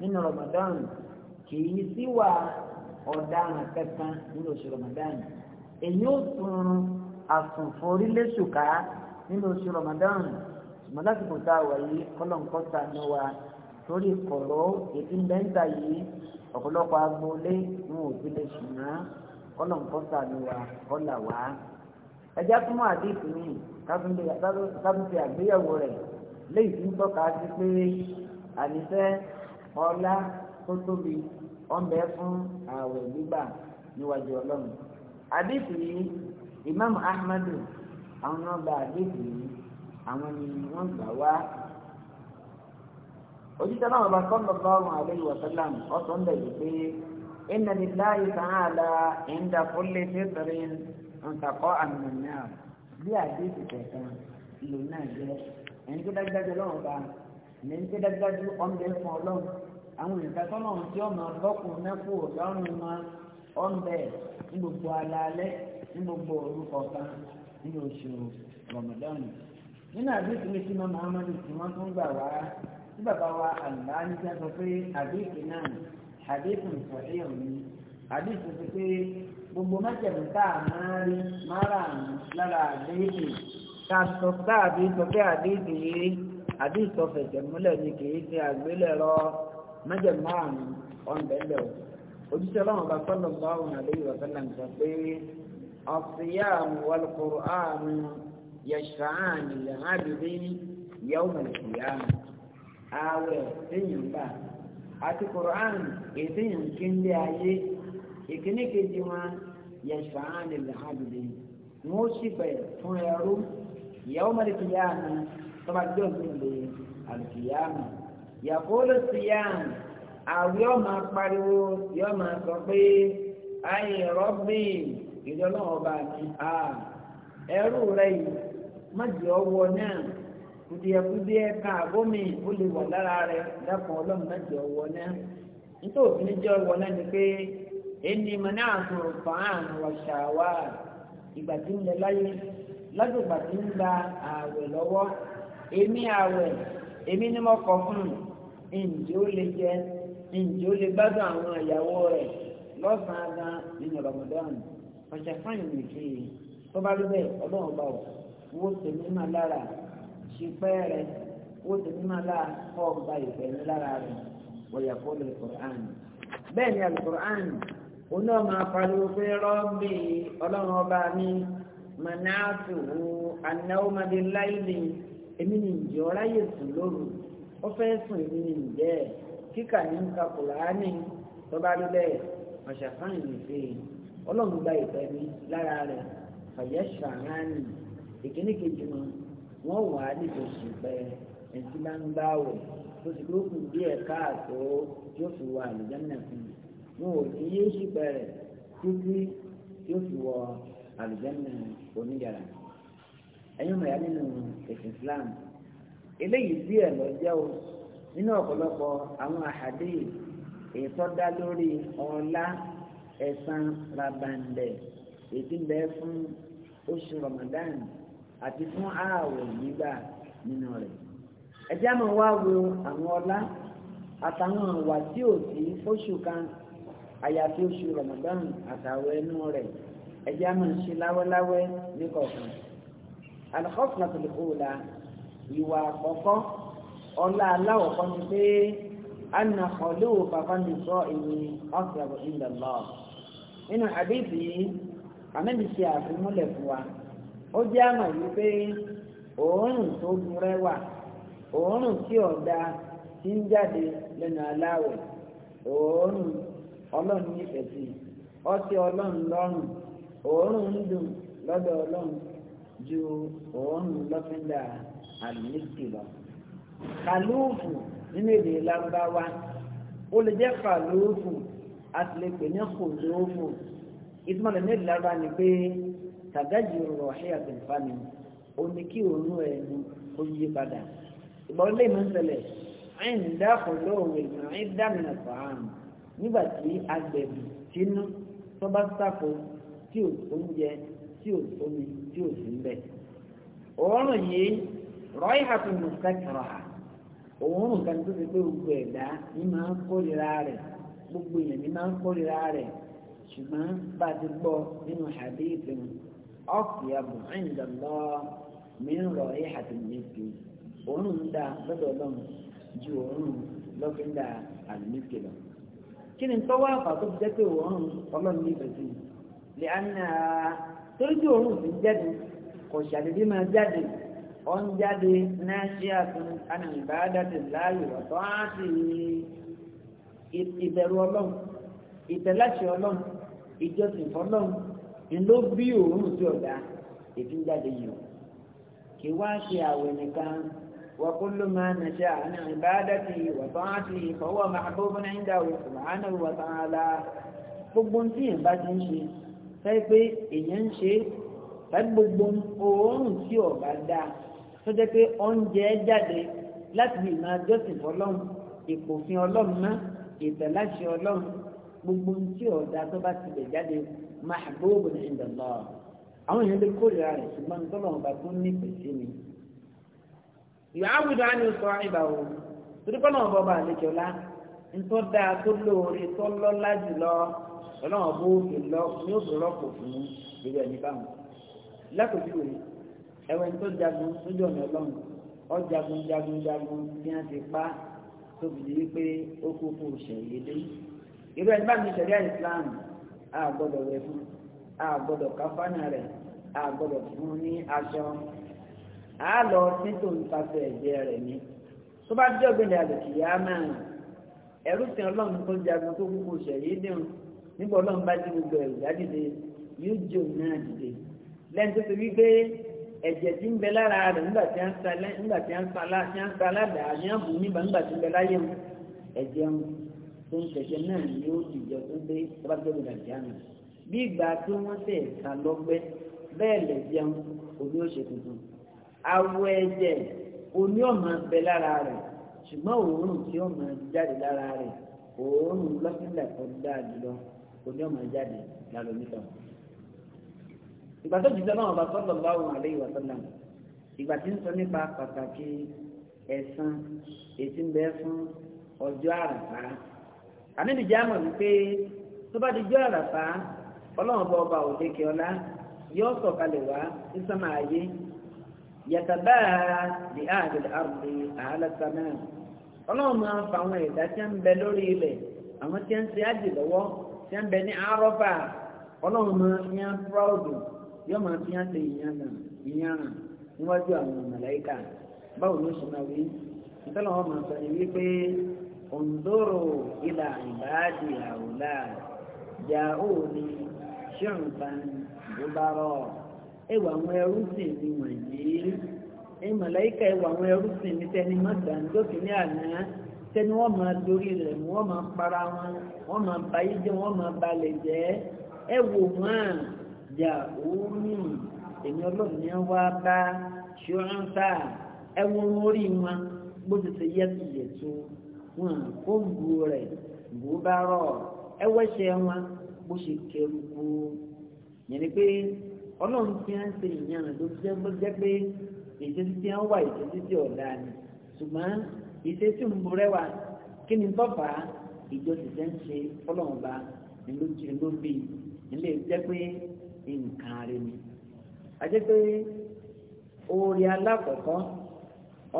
nínú Ramadan kì í síwà ọ̀daràn kankan nínú oṣù Ramadan èyí ò tún àsùnfò orílẹ̀-èṣùká nínú oṣù Ramadan ṣùgbọ́n lásìkò tá a wà yìí kọ́lọ̀ǹkọ́ta ni wa torí kọ̀rọ̀ ètí mẹ́ta yìí ọ̀pọ̀lọpọ̀ agboolé ń wò sí lè ṣùnà kọ́lọ̀ǹkọ́ta ni wa kọ́là wá. ẹja tún mọ́ àdéhùn mi káfíńtì àgbéyẹ̀wò rẹ̀ léyìí tí ń tọ́ka sí pé ànífẹ́ ọlá tó tóbi ọ̀nbẹ fún ààwẹ̀ gbígbà níwájú ọlọ́run. àdìsí yìí imam ahmadu àwọn náà gba àdìsí yìí àwọn ni wọ́n gbà wá. òjijì náà bá sọ́ńdọ̀ lọ́rùn àlejò wàsálàm ọ̀sán ń bẹ̀rẹ̀ pé inna lillahi ta'ala inda kulli fitrin ntaqọ́ àmì náà bí àdìsí kẹ̀kẹ́ lòun náà jẹ́ ẹni tó dájú bá ẹni tó dájú ọ̀nbẹ fún ọlọ́run. àwọn ìka tọ́lọ̀ tí ó máa lọ́kùn mẹ́kù lọ́rùn wọn ọ̀nbẹ ní gbogbo alaalẹ́ ní gbogbo orúkọ kan nínú oṣù rọmọdọ́nù nínú àdéhùn ní sinmi muhammadu tí wọ́n tún gbà wá tí bàbá wa àlùbá ní sẹ́ sọ pé àdéhùn náà àdéhùn àdéhùn gbogbo mẹ́tẹ̀ẹ̀mí tá a máa rí lára àdéhùn sọ pé àdéhùn sọ pé àdéhùn yìí àdéhùn sọ mẹ́jẹ̀ márùn-ún ọ̀nbẹ̀lẹ̀ o ojúṣe ọlọ́run bá sọ́nà báwọn àléyìn ọ̀sẹ̀lá ń sọ pé as-siyam wal-Qur'an yashfa'an lil-'abdi yawm al-qiyamah ààwẹ̀ téèyàn gbà àti Qur'an ètéèyàn kéńdé ayé ìkíní kejì wọn yashfa'an lil-'abdi wọn ó sì bẹ̀ fún ẹrú yawm al-qiyamah tọ́ba jọ́ọ̀gbìn yàkóòlù síyàm àwẹ̀ ọ̀ma pariwo yọ̀ma sọ pé ayé rọ́bì ìjọ náà ọba àti a ẹrú rẹ yìí májì ọwọ́ náà kùdìẹ̀kùdìẹ̀ kan àgómi lára rẹ dákun ọlọ́run májì ọwọ́ náà nítorí òfin jẹ́ náà ni pé ẹni mọ̀ náà tó fàán wọ̀ṣà ìgbà tí ń lẹ láyé tí ń gba èmi èmi ni mo fún ǹjẹ́ ó lè jẹ ǹjẹ́ ó lè gbádùn àwọn ìyàwó rẹ̀ lọ́sàn-án gan nínú Ramadan ọ̀sẹ̀ fáyìn nìkì tó bá rí bẹ́ẹ̀ ọlọ́run bá wọ̀ wó tèmi máa lára ṣìpẹ́ rẹ̀ wó tèmi máa lára kọ́ ọba ìfẹ́ mi lára rẹ̀ wọ̀yà kó lè Qur'an bẹ́ẹ̀ ni al oní ọmọ apariwo pé rọ́ọ̀bì ọlọ́run ọba mi mọ̀nàtò anáwó madé láìlè èmi nìjọ́ ráyè sùn lóru ó fẹ́ sùn èmi ni ǹjẹ́ kíkà ní nǹka kùránì tó bá rí bẹ́ẹ̀ ọ̀ṣàfáàn lè fè é ọlọ́run gba ìfẹ́ mi lára rẹ̀ fàyẹ́ ṣàhánì ìkíní kejì wọn wọ́n wà á nìkan ṣùgbẹ́ ẹ̀sìn bá ń bá wọ̀ tó ti gbókù díẹ̀ káàtó yóò fi wà àlùjánnà fún mi wọn ò ní yé ṣùgbẹ́ rẹ̀ títí yóò fi wọ àlùjánnà oníyàrá ẹ̀yìn mọ̀yá nínú ẹ̀sìn Islam eléyìí díẹ̀ lọ jẹ́ o nínú ọ̀pọ̀lọpọ̀ àwọn àhàdé èyí tó dá lórí ọlá ẹ̀san rabandẹ̀ èyí ń bẹ fún oṣù Ramadan àti fún ààwẹ̀ gbígbà nínú rẹ̀ ẹjẹ́ àmọ́ wá wo àwọn ọlá àtàwọn àwà tí ò sí fóṣù kan àyàfi oṣù Ramadan àtàwọn ẹnu rẹ̀ ẹjẹ́ àmọ́ ṣe láwẹ́láwẹ́ ní kọ̀ọ̀kan al-khaslatul ula. ìwà àkọ́kọ́ ọlá aláwọ̀ kan ni pé anna kọlu fàfàndì sọ èyí ọ̀sẹ̀rọ̀ ilẹ̀ lọ. nínú àdéhùn yìí àmẹ́bí ṣe àfimúlẹ̀ fún wa ó jẹ́ àmọ̀ wípé òórùn tó burẹ́wà òórùn tí ọ̀dà ti ń jáde lẹ́nu aláwọ̀ òórùn ọlọ́run ọtí ọlọ́run lọ́rùn òórùn ń dùn lọ́dọ̀ ọlọ́run ju òórùn lọ́fíńdà àlùmíkìlọ̀ kàlùfù nínú èdè lárúbáwá ó lè jẹ́ kàlùfù a sì lè pè ní kòlófù ìtumọ̀ rẹ̀ ní èdè lárúbáwá ni pé tàgájì rọ̀ ṣẹ́yà tẹ̀fà ni ó ní kí òórùn ẹ̀ ní ó yí padà ìgbà ó lè mú ṣẹlẹ̀ ẹ̀ǹdà kòlóòwò ìgbà ẹ̀ǹdà mìíràn fàánù nígbà tí agbẹ̀bù tínú tó bá sáko tí ò tó ń jẹ tí ò tó tí ò sí ń bẹ̀ òórùn yìí rọ́ìhàtù mùsàkìrà òórùn kan tó ti pé gbogbo ẹ̀dá ní máa ń kórìíra rẹ̀ gbogbo èèyàn ní máa ń kórìíra rẹ̀ ṣùgbọ́n bá a ti gbọ́ nínú hadithi ọ̀fìyàbù ẹ̀ǹdàlọ́ mi ń rọ̀ìhàtù mùsàkìrà òórùn ń da lọ́dọ̀ ọlọ́run ju òórùn lọ́fíńdà àlùmíkì lọ. kí ni tọ́wọ́ àfà tó fi jẹ́ pé òórùn ọlọ́run ní torí tí ti jáde kò ṣàdédé máa jáde ọ̀n jáde náà ṣe àtún ànàmìbáadàtì láàyò ọ̀tọ́ àti ìbẹ̀rù ọlọ́run ìtẹ̀láṣẹ ọlọ́run ìjọsìn fọlọ́run ńlọ bí òórùn sí ọ̀dà ètí ń jáde yìí o kì wá ṣe àwẹ̀ nìkan وكل ما نشاء عن عبادته وطاعته فهو محبوب عنده سبحانه وتعالى gbogbo tí èèyàn bá ti ń ṣe fẹ́ pé èèyàn ń ṣe fẹ́ gbogbo oòrùn tí ọ̀bá dáa tó jẹ́ pé oúnjẹ jáde láti lè máa jọ́sìn ọlọ́run ìpòfin ọlọ́run náà ìtẹ̀láṣẹ ọlọ́run gbogbo tí ọ̀dà tó bá ti lè jáde mahbub ní ìdọ̀lọ́ àwọn èèyàn lè kórìíra rẹ̀ ṣùgbọ́n tọ́lọ́run bá tún ní pèsè mi. ìyá àwùjọ á ní sọ ìbà o torí pé náà bọ́ba àlejò lá ntọ́ dáa tó lóore tó lọ́lá jùlọ ọlọ́run bó lè lọ ní òṣèlú ọ̀pọ̀ fún gbogbo ẹni báwọn. lákòókò yìí ẹ̀wẹ̀ tó jagun sójú ọ̀nà ọlọ́run ọ jagun jagun jagun tí wọ́n ti pa tóbi ní wípé ó kú kú ṣẹ̀yẹ dé irú ẹni bá mi ṣẹ̀rí Islam a gbọ́dọ̀ wẹ̀ fún a gbọ́dọ̀ káfánà rẹ̀ a gbọ́dọ̀ fún ní aṣọ a lọ nítorí nípasẹ̀ ẹ̀jẹ̀ rẹ̀ ni tó bá jẹ́ ọ̀gbìn àlòkìyá máa ẹ̀rú sin ọlọ́run tó jagun tó kúkú ṣẹ̀yẹ dé wọn nígbà ọlọ́run bá dé gbogbo ẹ̀rù yá dìde yóò jò náà dìde lẹ́yìn tó ti wí pé ẹ̀jẹ̀ tí ń bẹ lára rẹ̀ nígbà tí a ń salẹ́ nígbà tí a ń salá tí a ń salá dà á ní àbò nígbà nígbà tí ń bẹ láyé mu ẹ̀jẹ̀ mu tó ń tẹ̀jẹ̀ náà ni yóò dìjọ tó ń gbé tọ́bátẹ́bù dàjà nù bí ìgbà tí wọ́n tẹ̀ ká lọ́gbẹ́ bẹ́ẹ̀ lẹ̀ jẹun òní ó ṣe tuntun awọ ẹ̀jẹ̀ òní ọ̀mà ń bẹ lára rẹ̀ ṣùgbọ́n òórùn tí ọ̀mà jáde lára rẹ̀ òórùn lọ́sílẹ̀ tó dáa jùlọ òní ọ̀mà jáde lálọ́ nítorí ìgbà tó jìjọ náà bá sọ́dọ̀ báwọn àlẹ́ ìwà sọ́dọ̀ ìgbà tí ń sọ nípa pàtàkì ẹ̀san ètí ń bẹ fún ọjọ́ àràfá àníbìjẹ́ àmọ̀ wípé tó bá di jọ́ àràfá ọlọ́run bá ọba òdeke ọlá yóò sọ̀kalẹ̀ wá sí sánmà ayé yàtàbá di ààrẹ àrùbí àhálàtà náà ọlọ́run máa fa àwọn ẹ̀dá tí ń bẹ lórí ilẹ̀ àwọn tí ń ṣe ájì lọ́wọ́ tí ń bẹ ní àrọ́fà ọlọ́run máa ń yán fúráùdù yóò máa fi hàn sí ìyànà ìyànà níwájú àwọn màláíkà báwo ló ṣe máa wí nítorí wọn máa sọ ní wípé òǹdóró ìlà ìbáàdì àwòlá jàó ni ṣéǹfàn ló bá rọ ẹwà àwọn ẹrú sì ni wọ̀nyí ẹ̀yìn màláíkà ẹwà àwọn ẹrú sì ni tẹni mọ́tà ń dókè ní àná tẹni wọ́n máa dorí rẹ̀ mú máa para wọn wọ́n máa bayé jẹ́ máa balẹ̀ jẹ́ ẹ̀wò wọn. jà òórùn èmi ọlọ́run ni wá bá ṣọ́ńtà ẹwọ́n orí wọn bó ti ṣe yẹ ti yẹ tó wọn kó gbó rẹ̀ gbó bá rọ̀ ẹwẹ́ṣẹ́ wọn bó ṣe kẹrù gbó yẹn pé ọlọ́run ti ń ṣe ìyànà tó jẹ́ bó pé ètò títí ń wà ètò títí ọ̀dà ni ṣùgbọ́n tí ń kí ni bọ́fà ìjọ ti ṣe nǹkan rẹ ni àti orí alákọ̀ọ́kọ́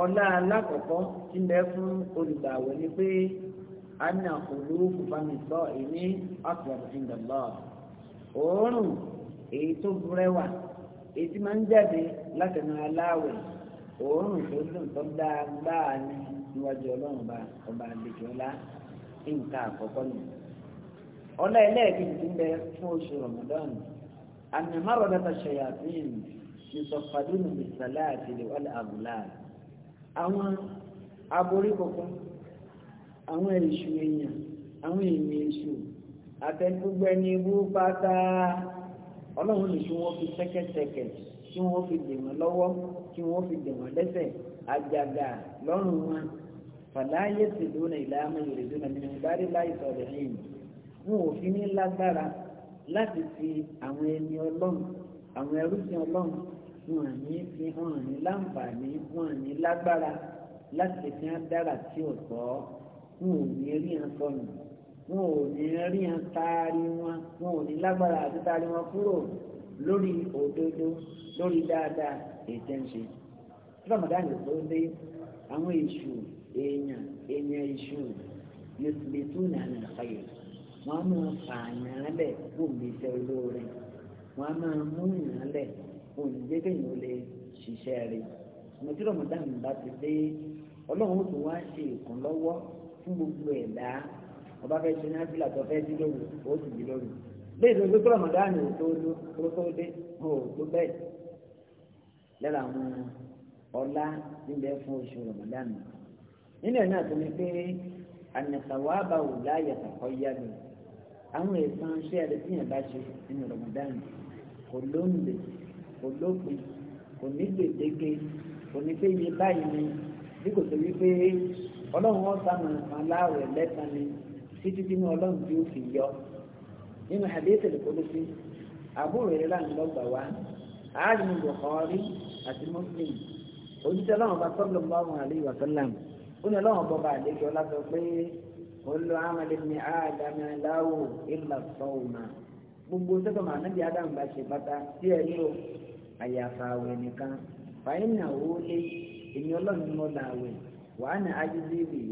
ọlá alákọ̀ọ́kọ́ ti lẹ fún olùgbàwọ̀ ni pé ana olórúkú fami sọ èmi ọ̀pọ̀lọpọ̀ ìdàgbọ́ òórùn èyí tó burẹ́wà èyí tí máa ń jáde látẹnu aláwẹ̀ òórùn tó dùn tó ọba ọba nǹkan àkọ́kọ́ nù ọlá ẹlẹ́ẹ̀kejì ti ń bẹ fún oṣù أن مردة الشياطين يصفدون بالسلاسل والأغلال àwọn aborí kọ̀ọ̀kan àwọn èṣù èèyàn àwọn èèyàn èṣù àtẹnugbẹ ní ibú pátá ọlọ́run lè ṣe wọ́n fi ṣẹ́kẹ́ṣẹkẹ̀ tí wọ́n fi dè wọ́n lọ́wọ́ tí wọ́n fi dè wọ́n lẹ́sẹ̀ àjàgà lọ́rùn wọn fàlàyé tìlú ní ìlànà ìrètí nàìjíríà bá sọ̀rọ̀ yìí wọn ò fi ní lágbára láti fi àwọn ẹni ọlọ́run àwọn ẹrúsìn ọlọ́run wọn àní fi hàn ní láǹfààní wọn àní lágbára láti fi hàn dára tí ò tọ́ wọn ò ní rí hàn sọnù wọn ò ní rí hàn taari wọn wọn ò ní lágbára àti taari wọn kúrò lórí òdodo lórí dáadáa ètò ń ṣe. tí ramadan yóò tó dé àwọn èṣù èèyàn èèyàn èṣù yóò ti lè tún ní àná ìfàyè wọ́n á máa fààyàn lẹ̀ fún ìgbésẹ̀ olóore wọ́n á máa mú ìyàn lẹ̀ fún ìgbésẹ̀yìn ó lè ṣiṣẹ́ rẹ̀ mọ̀tí rọ̀mọ̀dán bá ti dé ọlọ́run ó tún wá ṣe ìkànlọ́wọ́ fún gbogbo ẹ̀dá ọba fẹ́ ṣe náà fílà tó fẹ́ dí lóru ó sì dí lóru bẹ́ẹ̀ ló gbogbo rọ̀mọ̀dán ò tó ló tó tó dé ó tó bẹ́ẹ̀ lára àwọn ọlá nílẹ̀ fún oṣù rọ̀mọ̀dán nínú ẹ̀ náà tó ní pé ànàkàwábà wò láàyè àkọ́kọ́ yá mi àwọn ẹ̀sán ṣé ẹ̀rẹ́ tí yẹn bá ṣe nínú Ramadan kò lóńdè kò lópin kò ní gbèdéke kò ní pé iye báyìí ni bí kò tó wípé ọlọ́run wọn sá màá kan láàwẹ̀ lẹ́sàn ni títí tí ní ọlọ́run tí ó fi yọ nínú hadith al-Qudsi àbúrò rẹ̀ láàrin lọ́gbà wá ààrin Bukhari àti Muslim òjíṣẹ́ ọlọ́run bá sallallahu alaihi wa sallam ó ní ọlọ́run bọba àdéjọ lásọ pé olú amadi ní àdàmì aláwò ìlà sọ́ọ̀mà gbogbo sẹ́kọ̀ọ́ màá níbi adam bá ṣe pátá tí ẹ ní o àyàfà àwẹ̀ nìkan fàyín náà ó lé èmi ọlọ́run mọ́ làwẹ̀ wàá ní ajídí rèé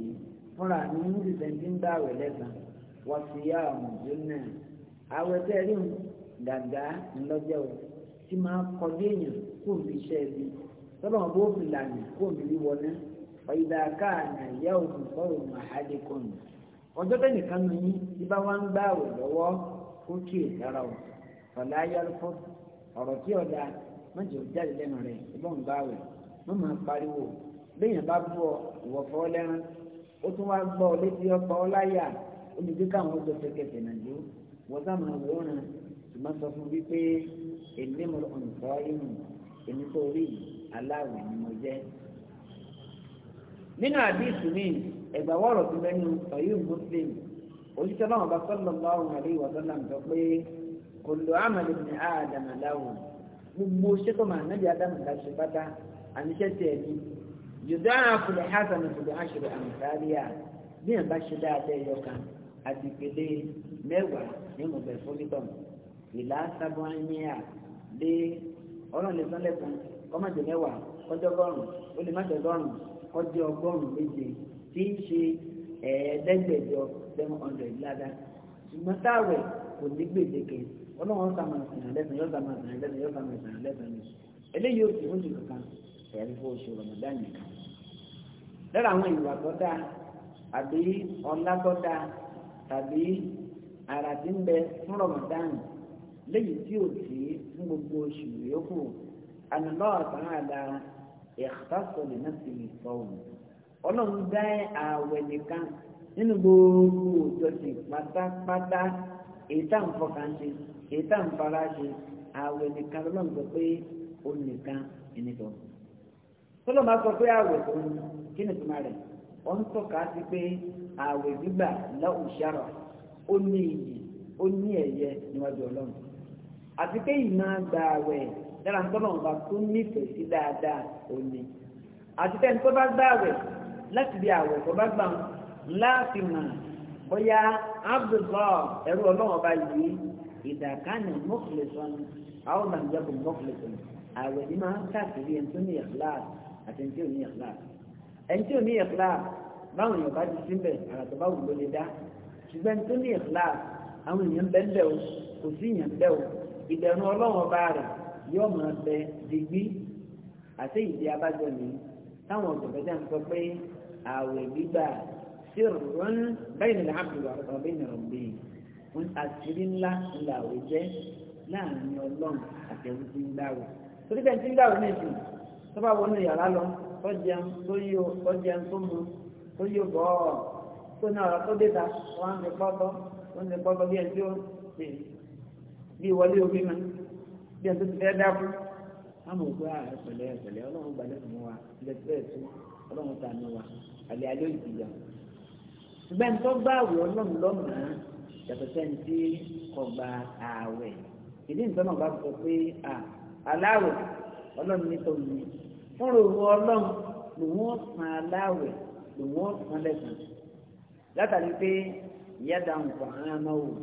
fúnra mi ń rí sẹ́ńtì ń bá àwẹ̀ lẹ́sàn-án wọ́n fi yá ọ̀hún jóná àwẹ̀ tẹ́ ẹ rí mu gàgà ńlọ́jọ́ o tí máa kọ́ déèyàn kó mi iṣẹ́ ẹbí tọ́lọ́mọ bó fi lànà kó mi rí wọná fàyídà káàna ìyá òkú fọwọ́ màhálí kọ́nù ọjọ́ tẹ́lẹ̀ kan ní yín tí bá wá ń gbá àwẹ̀ lọ́wọ́ ó kí è dára o fàlà ayálùfọ́ ọ̀rọ̀ tí ọ̀dà mọ̀jẹ̀ ò jáde lẹ́nu rẹ̀ ìbọn gbá àwẹ̀ mọ̀ máa pariwo béèyàn bá bú ọ ìwọ̀ fọ́ lẹ́rán ó tún wá gbọ́ ọ létí ọkọ̀ ọláyà ó káwọn ó gbèsè kẹsẹ̀ nàìjó wọ́n sá máa wò ó ràn ṣùgbọ́n sọ fún wípé èmi mo ń nínú àdìsù ní ẹ̀gbàwọ́rọ̀ tó mẹ́nu ọ̀yọ́ muslim òṣìṣẹ́ náà bá sallallahu alaihi wa sallam sọ pé kullu amali ibn adam lahu gbogbo ṣẹ́tọ̀ máa nábì adam láṣẹ pátá àníṣẹ́ ti ẹ̀mí yòdá àkùlẹ̀ hasan ìfòdò àṣírí àmìtàríà bí ẹ̀ bá ṣe dáadáa ẹ̀yọ kan àti ìpele mẹ́wàá ní mọ̀bẹ̀ fọ́lítọ̀ ìlà sábọ̀ anyíyà dé ọlọ́run lè kọ́mọ̀jẹ̀ mẹ́wàá kọjọ́gọ́rùn-ún ó lè má jẹ́ ún ọjọ́ ọgọ́rùn-ún méje tí í ṣe ẹ̀ẹ́dẹ́gbẹ̀jọ seven hundred ládá ṣùgbọ́n táwẹ̀ kò ní gbèdéke ọlọ́run sàmà sàn lẹ́sàn yóò sàmà sàn lẹ́sàn yóò sàmà sàn lẹ́sàn ni eléyìí ò kankan ẹ̀rí fún oṣù Ramadan lára àwọn ìwà tó dáa àbí ọlá tó dáa tàbí ń bẹ fún Ramadan léyìí tí ò sí fún gbogbo oṣù yòókù àná àdára. ìkàtàkùn lè náà sì sọ̀rọ̀ ọlọ́run dá ààwẹ̀ nìkan nínú gbogbo òjọsìn pátápátá èyí tá à ń fọkàn ṣe èyí tá à ń fara ṣe ààwẹ̀ nìkan lọ́nà sọ pé ó nìkan ẹnìkan. tọ́lọ́ máa sọ pé ààwẹ̀ tó ń kí ni tuma rẹ̀ ó ń tọ́ka sí pé ààwẹ̀ gbígbà lọ́hùn ṣàrọ̀ ó ní iyì ó ní ẹ̀yẹ níwájú ọlọ́run àti pé ìmọ̀ àgbà ààwẹ̀ dára tó náà bá tún nífẹ̀ẹ́ sí dáadáa òní àti tẹ́ni tó bá gbá rẹ̀ láti bí àwẹ̀ tó bá gbà láti mà bóyá abdullah ẹrú ọlọ́run ọba yìí ìdàkánì mọ́kìlẹ̀sán àwọn ọmọ ìjọba mọ́kìlẹ̀sán àwẹ̀ ni máa ń káàkiri ẹni tó ní ìyàkúlá àti ẹni tí ò ní ìyàkúlá ẹni tí ò ní ìyàkúlá báwọn èèyàn bá ti síbẹ̀ àràtọ̀ bá wù ló lè dá ṣùgbọ́n ẹni tó ní ìyàkúlá àwọn èèyàn bẹ́ẹ̀ bẹ́ẹ̀ o kò sí ìyàn bẹ́ẹ̀ o ìbẹ̀rù ọlọ́run ọba rẹ̀ yóò máa bẹ digbí àti ìdí abájọ ni táwọn ọ̀gbẹ̀gbẹ̀dá ń sọ pé ààwẹ̀ gbígbà sí rọ̀rùn bẹ́ẹ̀ ni làbù ọ̀bẹ ní ọ̀bẹ wọn àṣírí ńlá ńlá àwẹ̀ jẹ́ láàrin ọlọ́run àti ẹ̀rú tí ń dáwọ̀ torí bẹ́ẹ̀ tí ń dáwọ̀ náà sùn tó bá wọnú yàrá lọ tó jẹun tó yọ tó jẹun tó mu tó yọ bọ́ọ̀ tó náà ọ̀rọ̀ tó déta wọn ń lè pọ́tọ́ wọn ń lè pọ́tọ́ bí ẹni tó bí wọlé omi máa bí ẹ tó ti fẹ́ dákú àmọ́ òkú ààrẹ pẹ̀lẹ́ pẹ̀lẹ́ ọlọ́run gbàdé fún wa ilẹ̀ tí bẹ́ẹ̀ tún ọlọ́run ta ní wa àlẹ́ alẹ́ ìjìyà ṣùgbọ́n tó bá àwẹ̀ ọlọ́run lọ́nà yàtọ̀ sẹ́ni tí kò gba ààwẹ̀ ìdí nìkan náà bá sọ pé à aláwẹ̀ ọlọ́run nítorí mi fúnra òun ọlọ́run lòun ó san aláwẹ̀ lòun ó lẹ́sàn látàrí pé ìyá dáhùn kọ̀ ọ́n á wò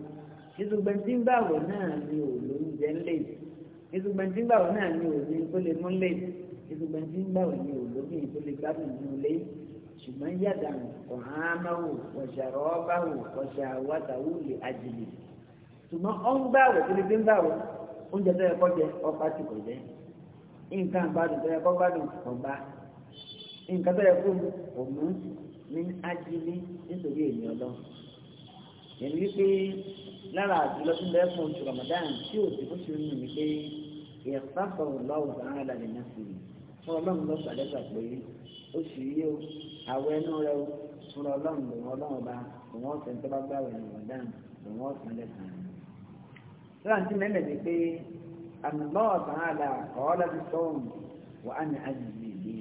ṣíṣùgbọ́n tí náà ni òun ló ń jẹ́ ńlẹ̀ yìí ìsùgbọ̀ntì gbàwọ̀ náà ni òní tó lè múlẹ̀ ìsùgbọ̀ntì gbàwọ̀ ni òlómi tó lè gbádùn ní ilé ṣùgbọ́n yàtà ọ̀hánáwò ọ̀ṣàrọ̀ọ́báwò ọ̀ṣàwátàwò lè àjèlè ṣùgbọ́n ọ̀n gbàwọ̀ tó lè gbé gbàwọ̀ oúnjẹ tó yẹ kọ́ jẹ ọba ti kò jẹ nǹkan àgbàdùn tó yẹ kọ́ gbádùn ọba nǹkan tó yẹ kó òmù ní àjèlè nítorí èmi ọlọ́ lára àjùlọ tó bẹ́ẹ̀ fún oṣù Ramadan tí fún mi pé lọ́wọ́ náà sí i fún ọlọ́run lọ sàlẹ̀ sà pé oṣù yìí o àwọ̀ ẹnu rẹ o fún ọlọ́run lòun ọlọ́run ọba lòun ọ̀sẹ̀ tó bá gbàwẹ̀ ní Ramadan lòun ọ̀sẹ̀ lẹ́sàn-án. sọ́ra ti mẹ́lẹ̀ ni pé ọzọ sàrán àdà ọ̀ọ́lá ti sọ́ọ̀mù wà á ní nínú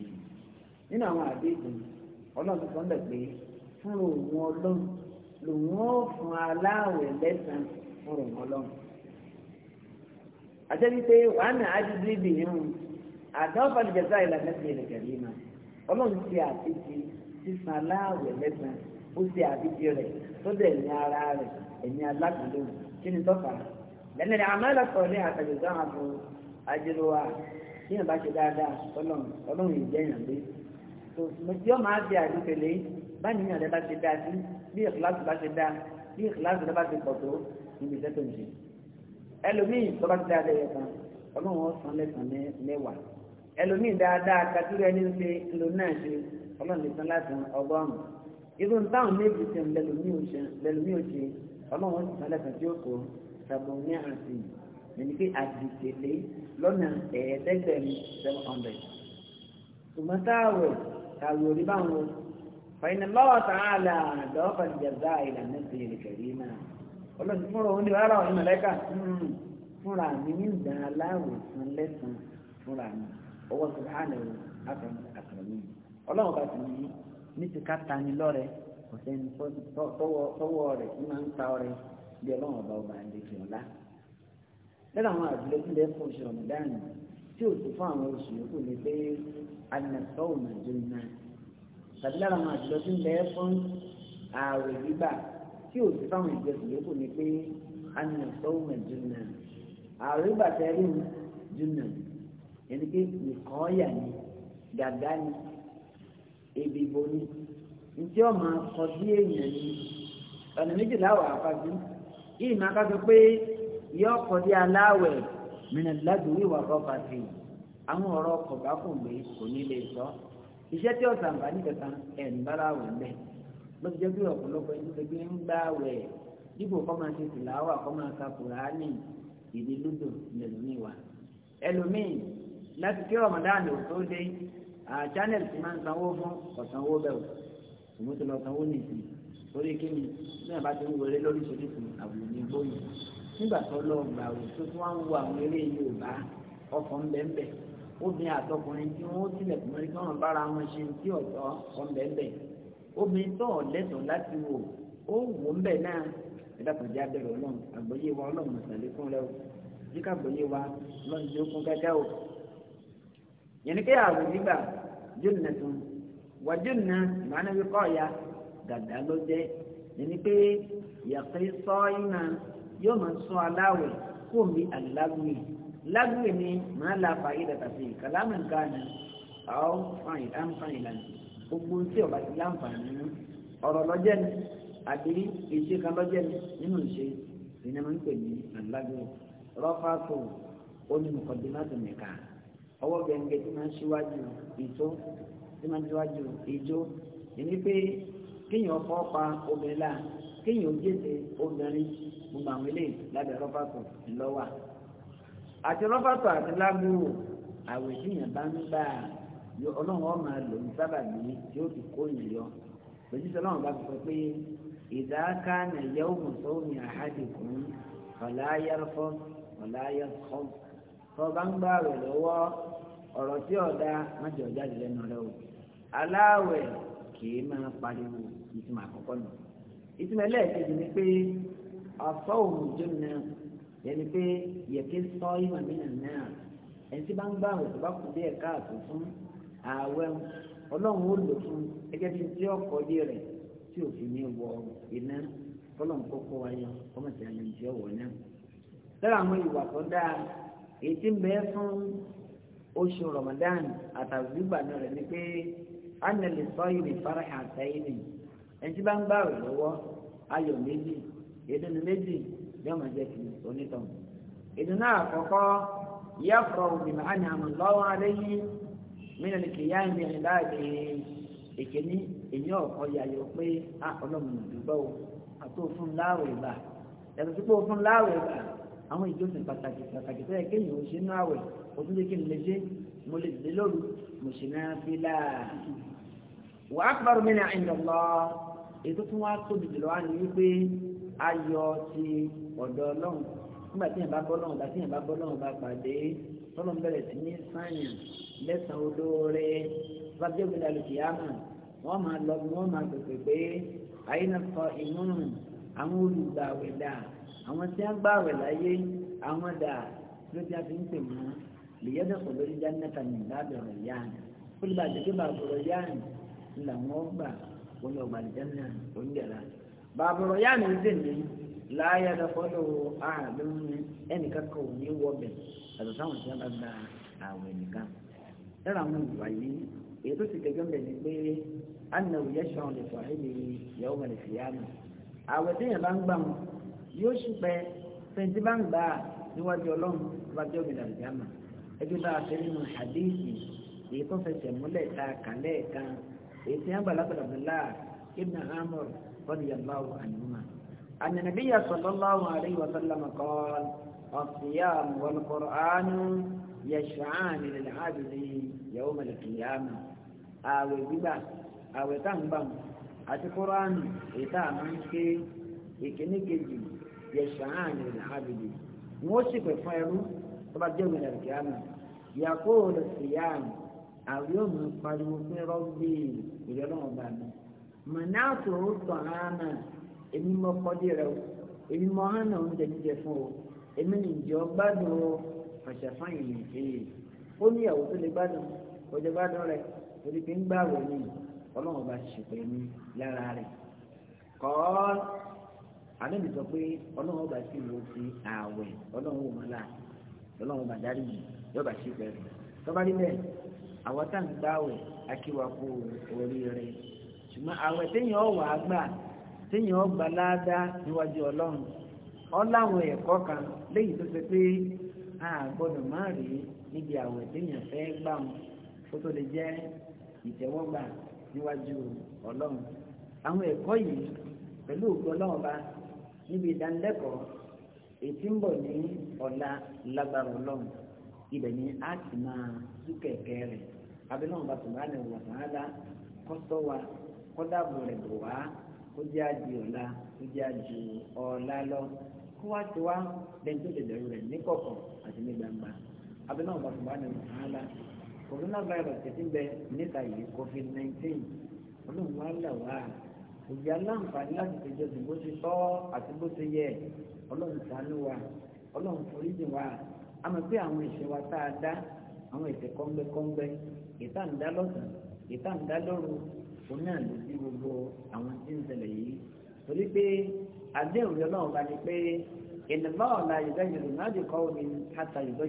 lòun ó fún aláwẹ̀ lẹ́sàn fún ọ̀rọ̀ ọlọ́run. àtẹ́bí pé wàá nà á yẹn àdáwọ̀ fàlùjẹ́sà ìlànà ti rẹ̀ kẹ̀lé mà ọlọ́run ti àtijì sísan aláwẹ̀ lẹ́sàn ó ti àtijì rẹ̀ tó dẹ̀ ní ara rẹ̀ ẹ̀mí alágbèlò kí ni àmàlà sọ̀rọ̀ ní àbò yẹn bá ṣe dáadáa ọlọ́run ọlọ́run báyìí rẹ bá ṣe dáa sí bí ìkìláàsì bá ṣe dáa bí ìkìláàsì rẹ bá ṣe pọ̀ tó níbi iṣẹ́ tó ń ṣe ẹlòmíì tó bá ti dáa lẹ́yẹ kan ọlọ́run ó san lẹ́sàn-án mẹ́wàá ẹlòmíì dáadáa kàtúrú ẹni ń ṣe ló náà ṣe ọlọ́run lè san láti ọgọ́rùn-ún irú táwọn méjì ṣe ń lẹ́lòmíì ó ṣe ọlọ́run ó sì san lẹ́sàn-án tí ó kọ ṣàbùn ní àǹtí nínú pé àdìsèlé lọ́nà فإن الله تعالى ضاف الجزاء إلى نفسه الكريمة ọlọ́run ti fúnra òun ní rárá òun mọ̀lẹ́kà hmm. fúnra mi ní ìdán aláwòsàn lẹ́sàn fúnra mi ọwọ́ sùhánù àtàlù ọlọ́run bá ti yí ní ti ká tani lọ́rẹ kò sẹ́ni tọ́wọ́ rẹ̀ tí máa ń ta ọrẹ bí ọlọ́run ọba ọba àlejò ọ̀la lẹ́nu àwọn àdúgbò tàbí lára àwọn àjùlọ tí ń bẹ fún ààwẹ̀ gbígbà tí ò sí fáwọn ìjọsìn yòókù ni pé a ní ìsọ́wọ́ jùnà ààwẹ̀ gbà tẹ́rù jùnà ẹni pé nìkan ọ̀yà ni gàgá ni èbìbò ni ǹjẹ́ ọ̀ máa kọ sí èèyàn ni ọ̀nà méjìlá wà á fagbe yìí máa ká sọ pé yọ ọkọ̀ dí aláwẹ̀ mìíràn ládùúgbò ìwà kọfà sí àwọn ọ̀rọ̀ kọ̀ọ̀bá kò gbé kò ní lè sọ iṣẹ́ tí ọ̀sán bá ní kẹta ẹ̀ ń bára wẹ̀ mẹ́ ló ti jẹ́ pé ọ̀pọ̀lọpọ̀ ẹni tó gbé ń gbá wẹ̀ dípò kọ́ máa ṣe tìláwà kọ́ máa ka kùránì ìdí lúdò lẹ́lòmíì wa ẹlòmíì láti kí rọmọdáàlì ò tó dé channel ti máa ń sanwó fún ọ̀sánwó bẹ̀rù òun ti lọ sanwó nìsín torí kí ni bí wọn bá ti ń wọlé lóríṣiríṣi àbùrù ní gbóyè nígbà tó lọ gbàwé tó tún wá ń wo àwọn eré Yorùbá ọkọ̀ ńbẹ̀ńbẹ̀ obìnrin àtọkùnrin tí wọ́n tilẹ̀ kùn rí káwọn bára wọn ṣe tí ọ̀tọ̀ ọ̀nbẹ̀ẹ̀bẹ̀ obìnrin tó ọ̀lẹ́tọ̀ láti wò ó wò ń bẹ̀ náà ìdàkọ̀jẹ́ abẹ́rẹ́ ọlọ́run àgbọ̀yé wa ọlọ́run mọ̀sálẹ́ fún rẹ o jíkà àgbọ̀yé wa ọlọ́run tí ó kún kẹ́kẹ́ o. yẹnikẹ́ àrùn nígbà jónìnà tún wà jónìnà ìmáná bí kọ́ ya dàdá ló jẹ́ yẹni pé yàtọ̀ sọ́ọ́yìn náà yóò لغوي ما لا فائدة فيه كلام كان أو فاعل أم فاعلا gbogbo tí ọba ti láǹfààní nínú ọ̀rọ̀ lọ́jẹ́ ni àbí ìṣe kan lọ́jẹ́ ni nínú ìṣe ìní máa ń pè ní àlágbé rọ́fàtò onímọ̀kọ́dínláàtò nìka ọwọ́ gẹ̀ǹgẹ̀ tí máa ń ṣíwájú ìtó tí máa ń ṣíwájú ìjó ìní pé kéèyàn ọkọ̀ pa obìnrin láà kéèyàn ó jèsè obìnrin gbogbo àwọn eléyìí lábẹ́ rọ́fàtò ńlọ́wà àti rọ́bàtà àti lágbóró àwẹ̀ tí yẹn bá ń gbà yọ ọlọ́run ọmọ àlò ní sábàbí tí ó fi kó yẹn yọ lójúṣe ọlọ́run bá sọ pé ìdáká nà yẹ òmù sọ́ọ̀mì àhádìkún ọ̀láyàrfọ́ ọ̀láyàfọ́ tó bá ń gbà rẹ̀ lọ́wọ́ ọ̀rọ̀ tí ọ̀dá má jẹ́ ọ̀jáde lẹ́nu rẹ o aláwẹ̀ kìí máa pariwo ìtumọ̀ àkọ́kọ́ nù ìtumọ̀ ẹlẹ́ẹ̀kejì ni pé ọ̀fọ́ òmùjọ́ náà yẹni pé yẹ̀kí sọ ìmọ̀ mìíràn náà ẹni tí bá ń gbà wọ̀ tó bá kú díẹ̀ káàtó fún ààwẹ̀ ọlọ́run ó lò fún gẹ́gẹ́ bí tí ọkọ̀ yé rẹ̀ tí ò fi ní wọ iná kọ́lọ̀ ń kókó wáyọ ọmọ tí a lè jẹ́ wọ̀ náà. lára àwọn ìwà tó dáa èyí tí ń bẹ fún oṣù Ramadan àtàwọn ìgbà náà ni pé ánàlè sọ ìrì fara àtẹ́yìn ẹni tí bá ń gbà wọ̀ lọ́wọ́ ayọ̀ méjì èdè méjì yóò máa jẹ́ ti onítàn. ìdùnnú àkọ́kọ́ yẹ fọ̀rọ̀ òbímọ àná àmọ́ lọ́wọ́ aléyí mílíọ̀n ní kìyà ń bẹ̀rẹ̀ láàbẹ̀ èkéní èmi ọ̀kọ́ yàyọ̀ pé ah, a ọlọ́run ìdúgbò àti òfin láwẹ̀ gbà yàtọ̀ sí pé òfin láwẹ̀ gbà àwọn ìjọsìn pàtàkì pàtàkì tó yẹ kéèyàn ò ṣe náà wẹ̀ o tún lè kí n lè ṣe mo lè dìde lóru mo ṣe náà fi láà. wàá kọ́ bá ìdọ̀lọ́ ètò tí wọ́n á tóbi jùlọ wá ní wípé ayọ̀ ti ọ̀dọ̀ ọlọ́run nígbà tí yẹn bá bọ́ lọ́run bá tí yẹn bá bọ́ lọ́run bá pàdé tọ́lọ́n bẹ̀rẹ̀ sí ní sáyẹn lẹ́sàn-án olóore fàbí ògbéra lòkè àmà wọ́n máa lọ bí wọ́n máa pèpè pé àyínà sọ ìmúrùn àwọn olùgbàwẹ̀ dà àwọn tí wọ́n gbàwẹ̀ láyé àwọn dà ló ti àfi ń pè wọ́n lèyẹ́dẹ̀ kò lórí jánẹ́ta ní ìdábẹ̀rẹ̀ yáàn olùbàdàn kí bàbá ọ̀rọ̀ yáàn làwọn gbà wọ́n lọ gbàlejò náà ó bàbùrọ̀ yá ni dè ní láàyè lọ́fọ́lọ́ àádọ́n ẹnìkan kan ò ní wọ́bẹ̀ àti sáwọn tí wọ́n bá gba àwẹ̀ nìkan. lára àwọn ìwà yìí èyí tó ti gẹ́gẹ́ bẹ̀ ni pé anna òye sọ̀rọ̀ lè fọ àìlè yẹ̀wò mẹ́lẹ̀ fi yára. àwẹ̀ téèyàn bá ń gbà wọn yóò ṣùpẹ́ fẹ̀ǹtì bá ń gbà níwájú ọlọ́run tó bá jẹ́ òbí ẹbí رضي الله عنهما أن النبي صلى الله عليه وسلم قال الصيام والقرآن يشفعان للعبد يوم القيامة أو ببا أو تنبم àti kúránì ètà máa ń ké ìkíní kejì yẹsàn-án ní ìlànàbìlì wọn ó sì pè fún ẹrú tó bá jẹ́ òmìnira kìámù yàkó olùsìyàn àwọn yóò mú pariwo pé rọ́bì ìrẹ́lọ́wọ́ bá mi mọ̀nà àtòrò tọ̀nà àmà èmi mọ kọ́dí rẹ o èmi mọ hànà oúnjẹ jíjẹ fún o èmi nìjọ gbádùn o fàṣàfàn ìlú ìkéyè ó ní ìyàwó tó lè gbádùn ó lè gbádùn rẹ torí pé ń gbààwẹ̀ ni ọlọ́run bá ṣèpè mí lára rẹ̀ kọ́ àdébì sọ pé ọlọ́run bá sì wo ti ààwẹ̀ ọlọ́run wò mọ́lá ọlọ́run bá dárí yìí yọba ṣèpè rẹ̀ tọ́ba rí bẹ́ẹ̀ àwọn ṣùgbọ́n àwẹ̀ téèyàn ọ̀wà àgbà téèyàn ọgbà láàdá níwájú ọlọ́run ọláwọn ẹ̀kọ́ kan léyìí tó ṣe pé a gbọ́dọ̀ má rí níbi àwẹ̀ téèyàn fẹ́ gbà wọn kó tó lè jẹ́ ìtẹ́wọ́gbà níwájú ọlọ́run àwọn ẹ̀kọ́ yìí pẹ̀lú òkú ọlọ́run bá níbi ìdánilẹ́kọ̀ọ́ ètí ń bọ̀ ní ọ̀la lágbára ọlọ́run ibẹ̀ ni a ti máa wa kọ́dà bò rẹ̀ bò wá ó jẹ́ àjì ọ̀la ó jẹ́ àjì ọ̀la lọ kó wá ti wá lẹ́yìn tó lè bẹ̀rù rẹ̀ àti ní gbangba coronavirus ti ń bẹ níta yìí covid nineteen wa là wá ìyá láti bó ti tọ́ wa ọlọ́run a pé wa tá a dá àwọn ìṣe kọ́ńgbẹ́kọ́ńgbẹ́ lọ́sàn òun náà ló sí gbogbo àwọn tí ń ṣẹlẹ̀ yìí torí pé adé òun yọ bá ní pé ìnàbá ọ̀la yorùbá yorùbá náà di káta yorùbá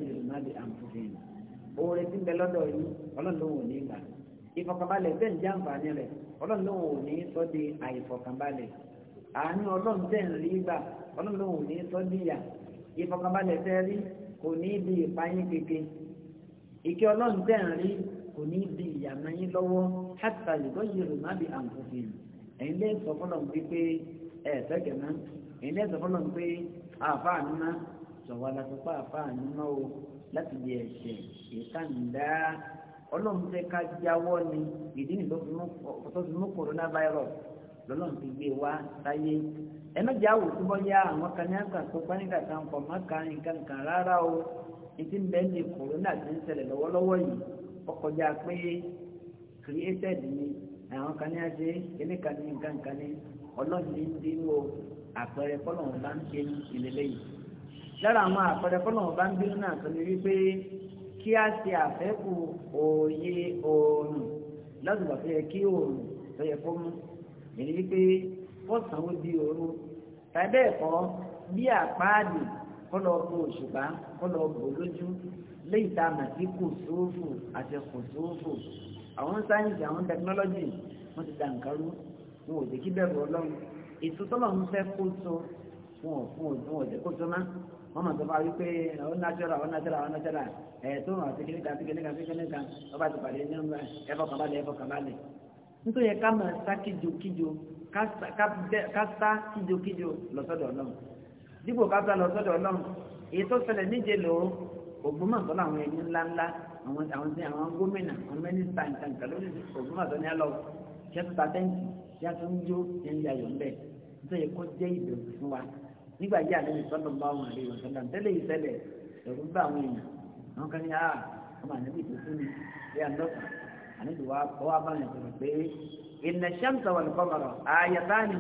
tí ń bẹ lọ́dọ̀ yìí ọlọ́run ò ní gbà ìfọkànbalẹ̀ bẹ́ẹ̀ ń àǹfààní rẹ̀ ọlọ́run ò ní sọ di àánú ọlọ́run tẹ̀ kò ní di ìyàmá yín lọ́wọ́ hátà ìgbọ́ yìí má bi àǹfòfin ẹ̀yin lé sọ fọlọ́n pé pé ẹ̀ fẹ́kẹ̀ ná ẹ̀yin lé sọ fọlọ́n pé àfa àníná sọ̀wọ́ alásùpá àfa àníná o láti di ẹ̀ṣẹ̀ ìkàǹdá ọlọ́run ká jáwọ́ ni ìdí nìlọ mú corona virus lọ́lọ́run ti gbé wá sáyé ẹnìjà wò tó bọ́yá àwọn kan ní àgbà tó pánìkà kan pọ̀ mọ́ kan nǹkan kan rárá o ìdí ń bẹ́ẹ̀ ni corona ti ń ṣẹlẹ̀ lọ́wọ́lọ́wọ́ yìí ọkọjá pé created ni àwọn kan ní àṣẹ eléka ní nǹkan kan ní ọlọ́run ní dínú àpẹẹrẹ fọlọ́run bá ń ṣe ìlélẹ́ yìí lára àwọn àpẹẹrẹ fọlọ́run bá ń bínú náà tó ní wípé kí a ṣe àfẹ́kù òye oòrùn lọ́dún wàá fi yẹ kí oòrùn tó yẹ kó mú èyí wípé kọ́sànwó di òru tàbí ẹ̀kọ́ bí àpáàdì kọ́lọ́ bo òṣùpá kọ́lọ́ bò lójú léyìí tá a mà sí kùsùfù àti kùsùfù àwọn sáyẹ́ǹsì àwọn tẹkinọ́lọ́jì wọ́n ti dà nǹkan rú wọn ò jẹ́ kí bẹ̀rù ọlọ́run ètò tọ́lọ̀ ń fẹ́ kó so wọn ò fún òun wọn ò jẹ́ kó so má wọ́n mọ̀ tó bá wí pé ó nájọ́ra ó nájọ́ra ó nájọ́ra ẹ̀ tó hàn sí kíníkà sí kíníkà sí kíníkà ọba ti pàdé ní ọgbà ẹ̀fọ́ kàbálẹ̀ ẹ̀fọ́ kàbálẹ̀ nítorí yẹ ká máa sá kíjokíjo ká sá kíjokíjo lọ́sọ̀dọ̀ ọlọ́run dípò ká sá lọ́sọ̀dọ̀ ọlọ́run èyí tó ṣẹlẹ̀ níje lòó Ògbómọ̀tọ́ làwọn ẹni ńláńlá àwọn àwọn tí àwọn gómìnà àwọn mínísítà nǹkan lórí Ògbómọ̀tọ́ ní àlọ́ ṣẹ́tùtà tẹ́ǹtì yá tó ń jó ẹni ayọ̀ ńbẹ̀ nítorí kó jẹ́ ìbẹ̀rù fún wa nígbà yí àlejò sọ́dọ̀ bá wọn àlejò sọ́dọ̀ tẹ́lẹ̀ ìṣẹ̀lẹ̀ ẹ̀rù bá àwọn èèyàn àwọn kan ní a ah, ọmọ ànábì tó fún mi bí àlọ́kà àlejò wa kọ́ wa bá yẹn sọ̀rọ̀ pé ìnà ṣẹ́mùsà wà lùkọ́ mọ̀rọ̀ àyàtàní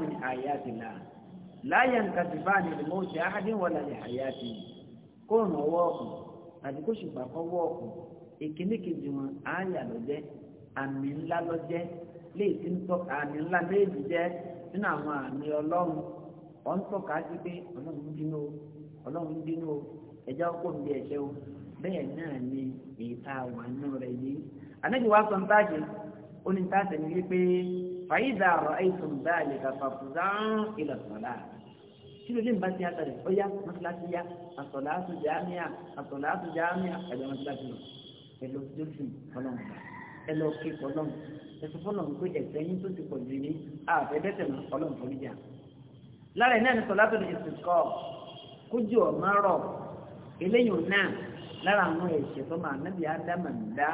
àti kó ṣùgbà kọ́ wọ́ ọ̀kùn èkéńdékejì wọn àáyà lọ́jẹ́ àmì ńlá lọ́jẹ́ léè tí ń tọ́ka àmì ńlá méjì jẹ́ nínú àwọn àmì ọlọ́run ọ̀ ń tọ́ka sí pé ọlọ́run bínú o ọlọ́run bínú o ẹ̀jẹ̀ ọkọ̀ ń bí ẹ̀ṣẹ̀ o bẹ́ẹ̀ náà ni ìta àwọn àánú rẹ̀ yìí ànájú wa sọ ń báyìí ó ní ta sẹ́ni wípé fàyídà ọ̀rọ̀ àìsàn báyìí kàfàfùzà ń ilẹ̀ sọ̀lá sílò lè bá ti yá sáré ó yá mọ́sálásí yá àtọ̀lá àti jàmíà àtọ̀lá àti jàmíà ẹ̀jọ̀ mọ́sálásí lọ ẹ lọ jósù ọlọ́run ẹ lọ ké ọlọ́run ẹ sọ fọlọ́run pé ẹ̀sẹ̀ yín tó ti pọ̀ jù ní àbẹ̀bẹ̀tẹ̀ mọ́ ọlọ́run foríjà lára ẹ̀ ni sọ̀lá tó lè sùn kọ́ kójú ọ̀mọ́ rọ̀ eléyìí náà lára àwọn ẹ̀ṣẹ̀ tó máa nábì ádámà ń dá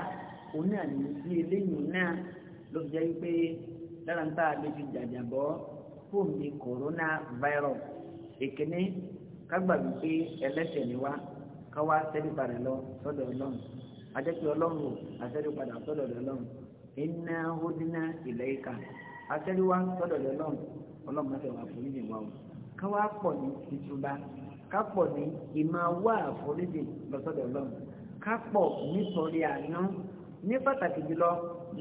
òun náà ní sí eléyìí náà ló fi jẹ́ pé lára ń lè fi jàjàbọ́ fóònù kòrónà virus ìkíní kágbà wípé ẹlẹ́ṣẹ̀ ni wá ká wá sẹ́rí padà lọ sọ́dọ̀ ọlọ́run ajẹ́pẹ́ ọlọ́run ò àsẹ́rí padà sọ́dọ̀ ọlọ́run iná hódínà ilẹ̀ ìka àsẹ́rí wá sọ́dọ̀ ọlọ́run ọlọ́run máa fẹ́ wá fún yìnyín wa o ká wá pọ̀ ní ìtura ká pọ̀ ní ìmọ̀ wá àforíjì lọ sọ́dọ̀ ọlọ́run ká pọ̀ nítorí àná ní pàtàkì jùlọ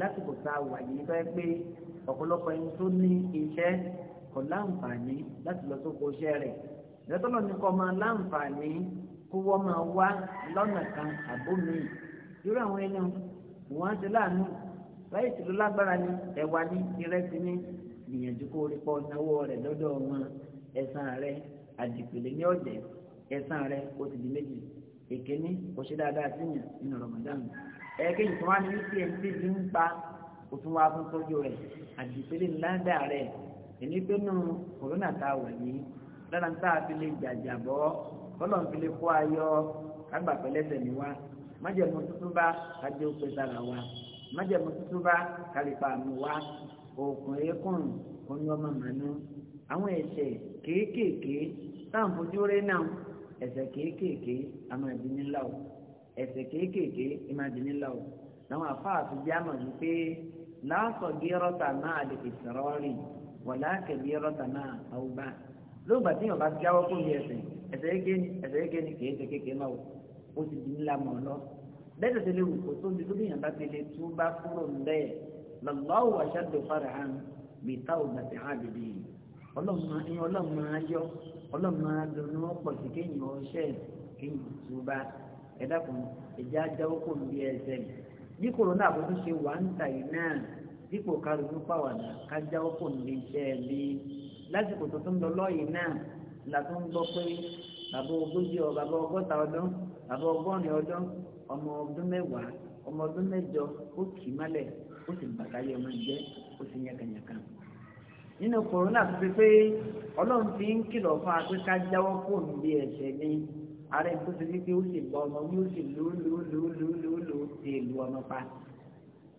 lásìkò tá wà yìí fẹ́ pé ọ̀pọ̀lọpọ̀ ẹni tó ní iṣẹ́ kò láǹfààní láti lọ sóko iṣẹ́ rẹ̀ ìrẹ́tọ́lọ́ ní kọ́ máa láǹfààní kó wọ́n máa wá lọ́nà kan àbómi irú àwọn ẹni wọn á ti láàánú láyé tí ló lágbára ní ẹ̀wà ní ìrẹsì ní gbìyànjú kó rí pọ́ náwó rẹ̀ lọ́dọ̀ wọn ẹ̀san rẹ̀ àdìpẹ̀lẹ̀ ní ọ̀dẹ̀ ẹ̀san rẹ̀ ó ti di méjì èkéní kò ṣe dáadáa síyàn nínú Ramadan ẹ̀ẹ́kẹ́yìn tí wọ́n á ní wípé ẹni ń pa òtún wá fún sójú rẹ̀ àdìpẹ̀lẹ̀ ńlá dáa rẹ̀ èyí pé nù kòrónà tá a wà yìí lára ń tá a fi lè jàjàbọ́ kọ́lọ̀ ń fi lè kó ayọ̀ kágbà pẹ́lẹ́sẹ̀ ní wa májẹ̀mú tuntun bá kájẹ́ òpè sára wa májẹ̀mú tuntun bá kálípà mú wa òògùn eékùn oní ọmọ màánú àwọn ẹ̀ṣẹ̀ kéékèèké táwọn fojú rẹ náà ẹ̀ṣẹ̀ kéékèèké a máa di nílá o ẹ̀ṣẹ̀ kéékèèké a máa di nílá o làwọn afáàfin jáàmù wípé láàsọ̀ gírọ́tà náà lè fi rìn wàlá kẹ̀bí rọ́tà náà àwùbá lóògbà tí yóò bá jáwọ́ kó yẹ ẹsẹ̀ ẹsẹ̀ eke ni ẹsẹ̀ eke ni kìí ṣe kékeré náà ó ti di ńlá mọ̀ lọ bẹ́ẹ̀ tẹ̀sẹ̀ lè wù kó tó di lóbi yàrá tẹ̀lé tó bá kúrò ńbẹ́ lọ́lọ́wù aṣáájú fara hàn bí táwọn gbàtẹ̀ hàn bìbí ọlọ́mọ ayọ́ ọlọ́mọ adùnú ẹ̀dá kan ẹ̀já jáwọ́ kó ń bí ẹsẹ̀ bí kòrónà àbójútó ṣe wà ń tà yìí náà dípò kárùnú pàwàdà kájá ọkọ̀ níbi iṣẹ́ ẹbí lásìkò tó tún lọ náà la tún gbọ́ pé bàbá ogójì ọ bàbá ọgọ́ta ọdún bàbá ọgọ́rin ọdún ọmọ ọdún mẹ́wàá ọmọ ọdún mẹ́jọ ó kì í málẹ̀ ó sì ọmọ jẹ́ ó sì yànkànyànkà nínú kòrónà tó fi pé ọlọ́run ti ń kìlọ̀ fún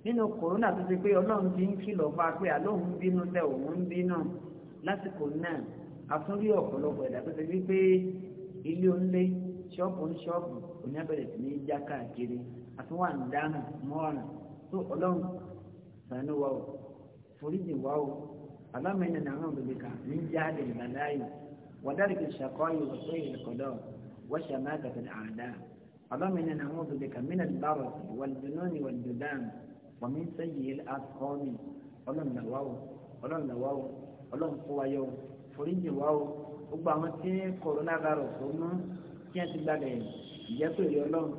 nínú kòrónà tó ti pé ọlọ́run ti ń kìlọ̀ fún apẹ́ àlóhùn bínú tẹ òun bínú lásìkò náà àtúndí ọ̀pọ̀lọpọ̀ ẹ̀dá tó ti rí pé ilé onílé ṣọ́ọ̀bù ń ṣọ́ọ̀bù òní abẹ́rẹ́ sí ní já káàkiri àtúwà ń dáná mọ́ọ̀ràn tó ọlọ́run sànú wa o foríjì wa o alámẹ́ni nàánú òbí kan ní jáde ìgbàláyò wàdárìkì ṣàkọ́yò ọ̀sẹ̀ ìrẹ̀kọ̀dọ̀ wọ́ṣà máa gàtẹ̀ àdá alámẹ́ni nàánú òbí kan mí wàmí sẹ́yìn ilé àkọ́ọ̀nì ọlọ́nàwá o ọlọ́nàwá o ọlọ́nkọ́wáyọ o foríjì wá o gbogbo àwọn tí kòrónà rárọ̀ tó mú kí ẹ ti gbalẹ̀ ìjẹ́pẹ̀ rí ọlọ́run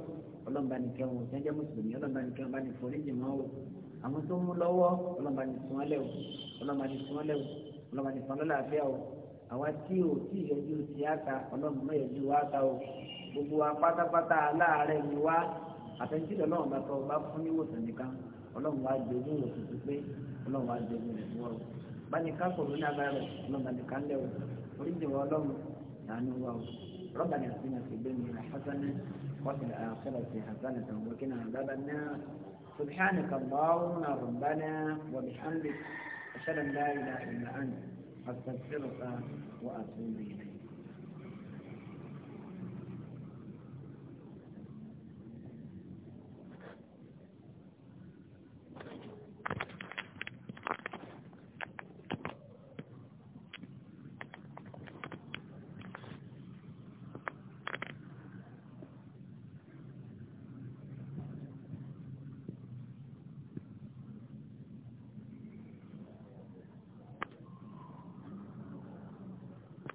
ọlọ́mbanìkẹ́wọ̀n jẹ́jẹ́ mùsùlùmí ọlọ́mbanìkẹ́wọ̀n bá ní foríjì mọ́ o àwọn tó mú lọ́wọ́ ọlọ́mbanìkúnlẹ̀ o ọlọ́mbanìkúnlẹ̀ o ọlọ́mbanìkúnlẹ̀ o àwa tí o tí ìyọjú ti á ta ọlọ́run náà yọjú wá ta o gbogbo wa pátápátá aláàárẹ̀ ni wá àtẹ̀jídọ̀ náà bá tọ́ bá fún níwòsàn nìkan ọlọ́run wá jẹ ní ìwòsàn tó pé ọlọ́run wá jẹ ní ìwòsàn wọn. báni ká kòrónà virus ọlọ́run báni ká lẹ́wọ̀ oríṣi wọn ọlọ́run làánú wa o rọ́bà ni àti nàìjíríà gbé mi àṣàṣánà wọ́pẹ̀ àṣàṣàṣì àṣàṣàṣì àwòkínà àbábá náà سبحانك اللهم ربنا وبحمدك أشهد أن لا إله إلا أنت أستغفرك وأتوب إليك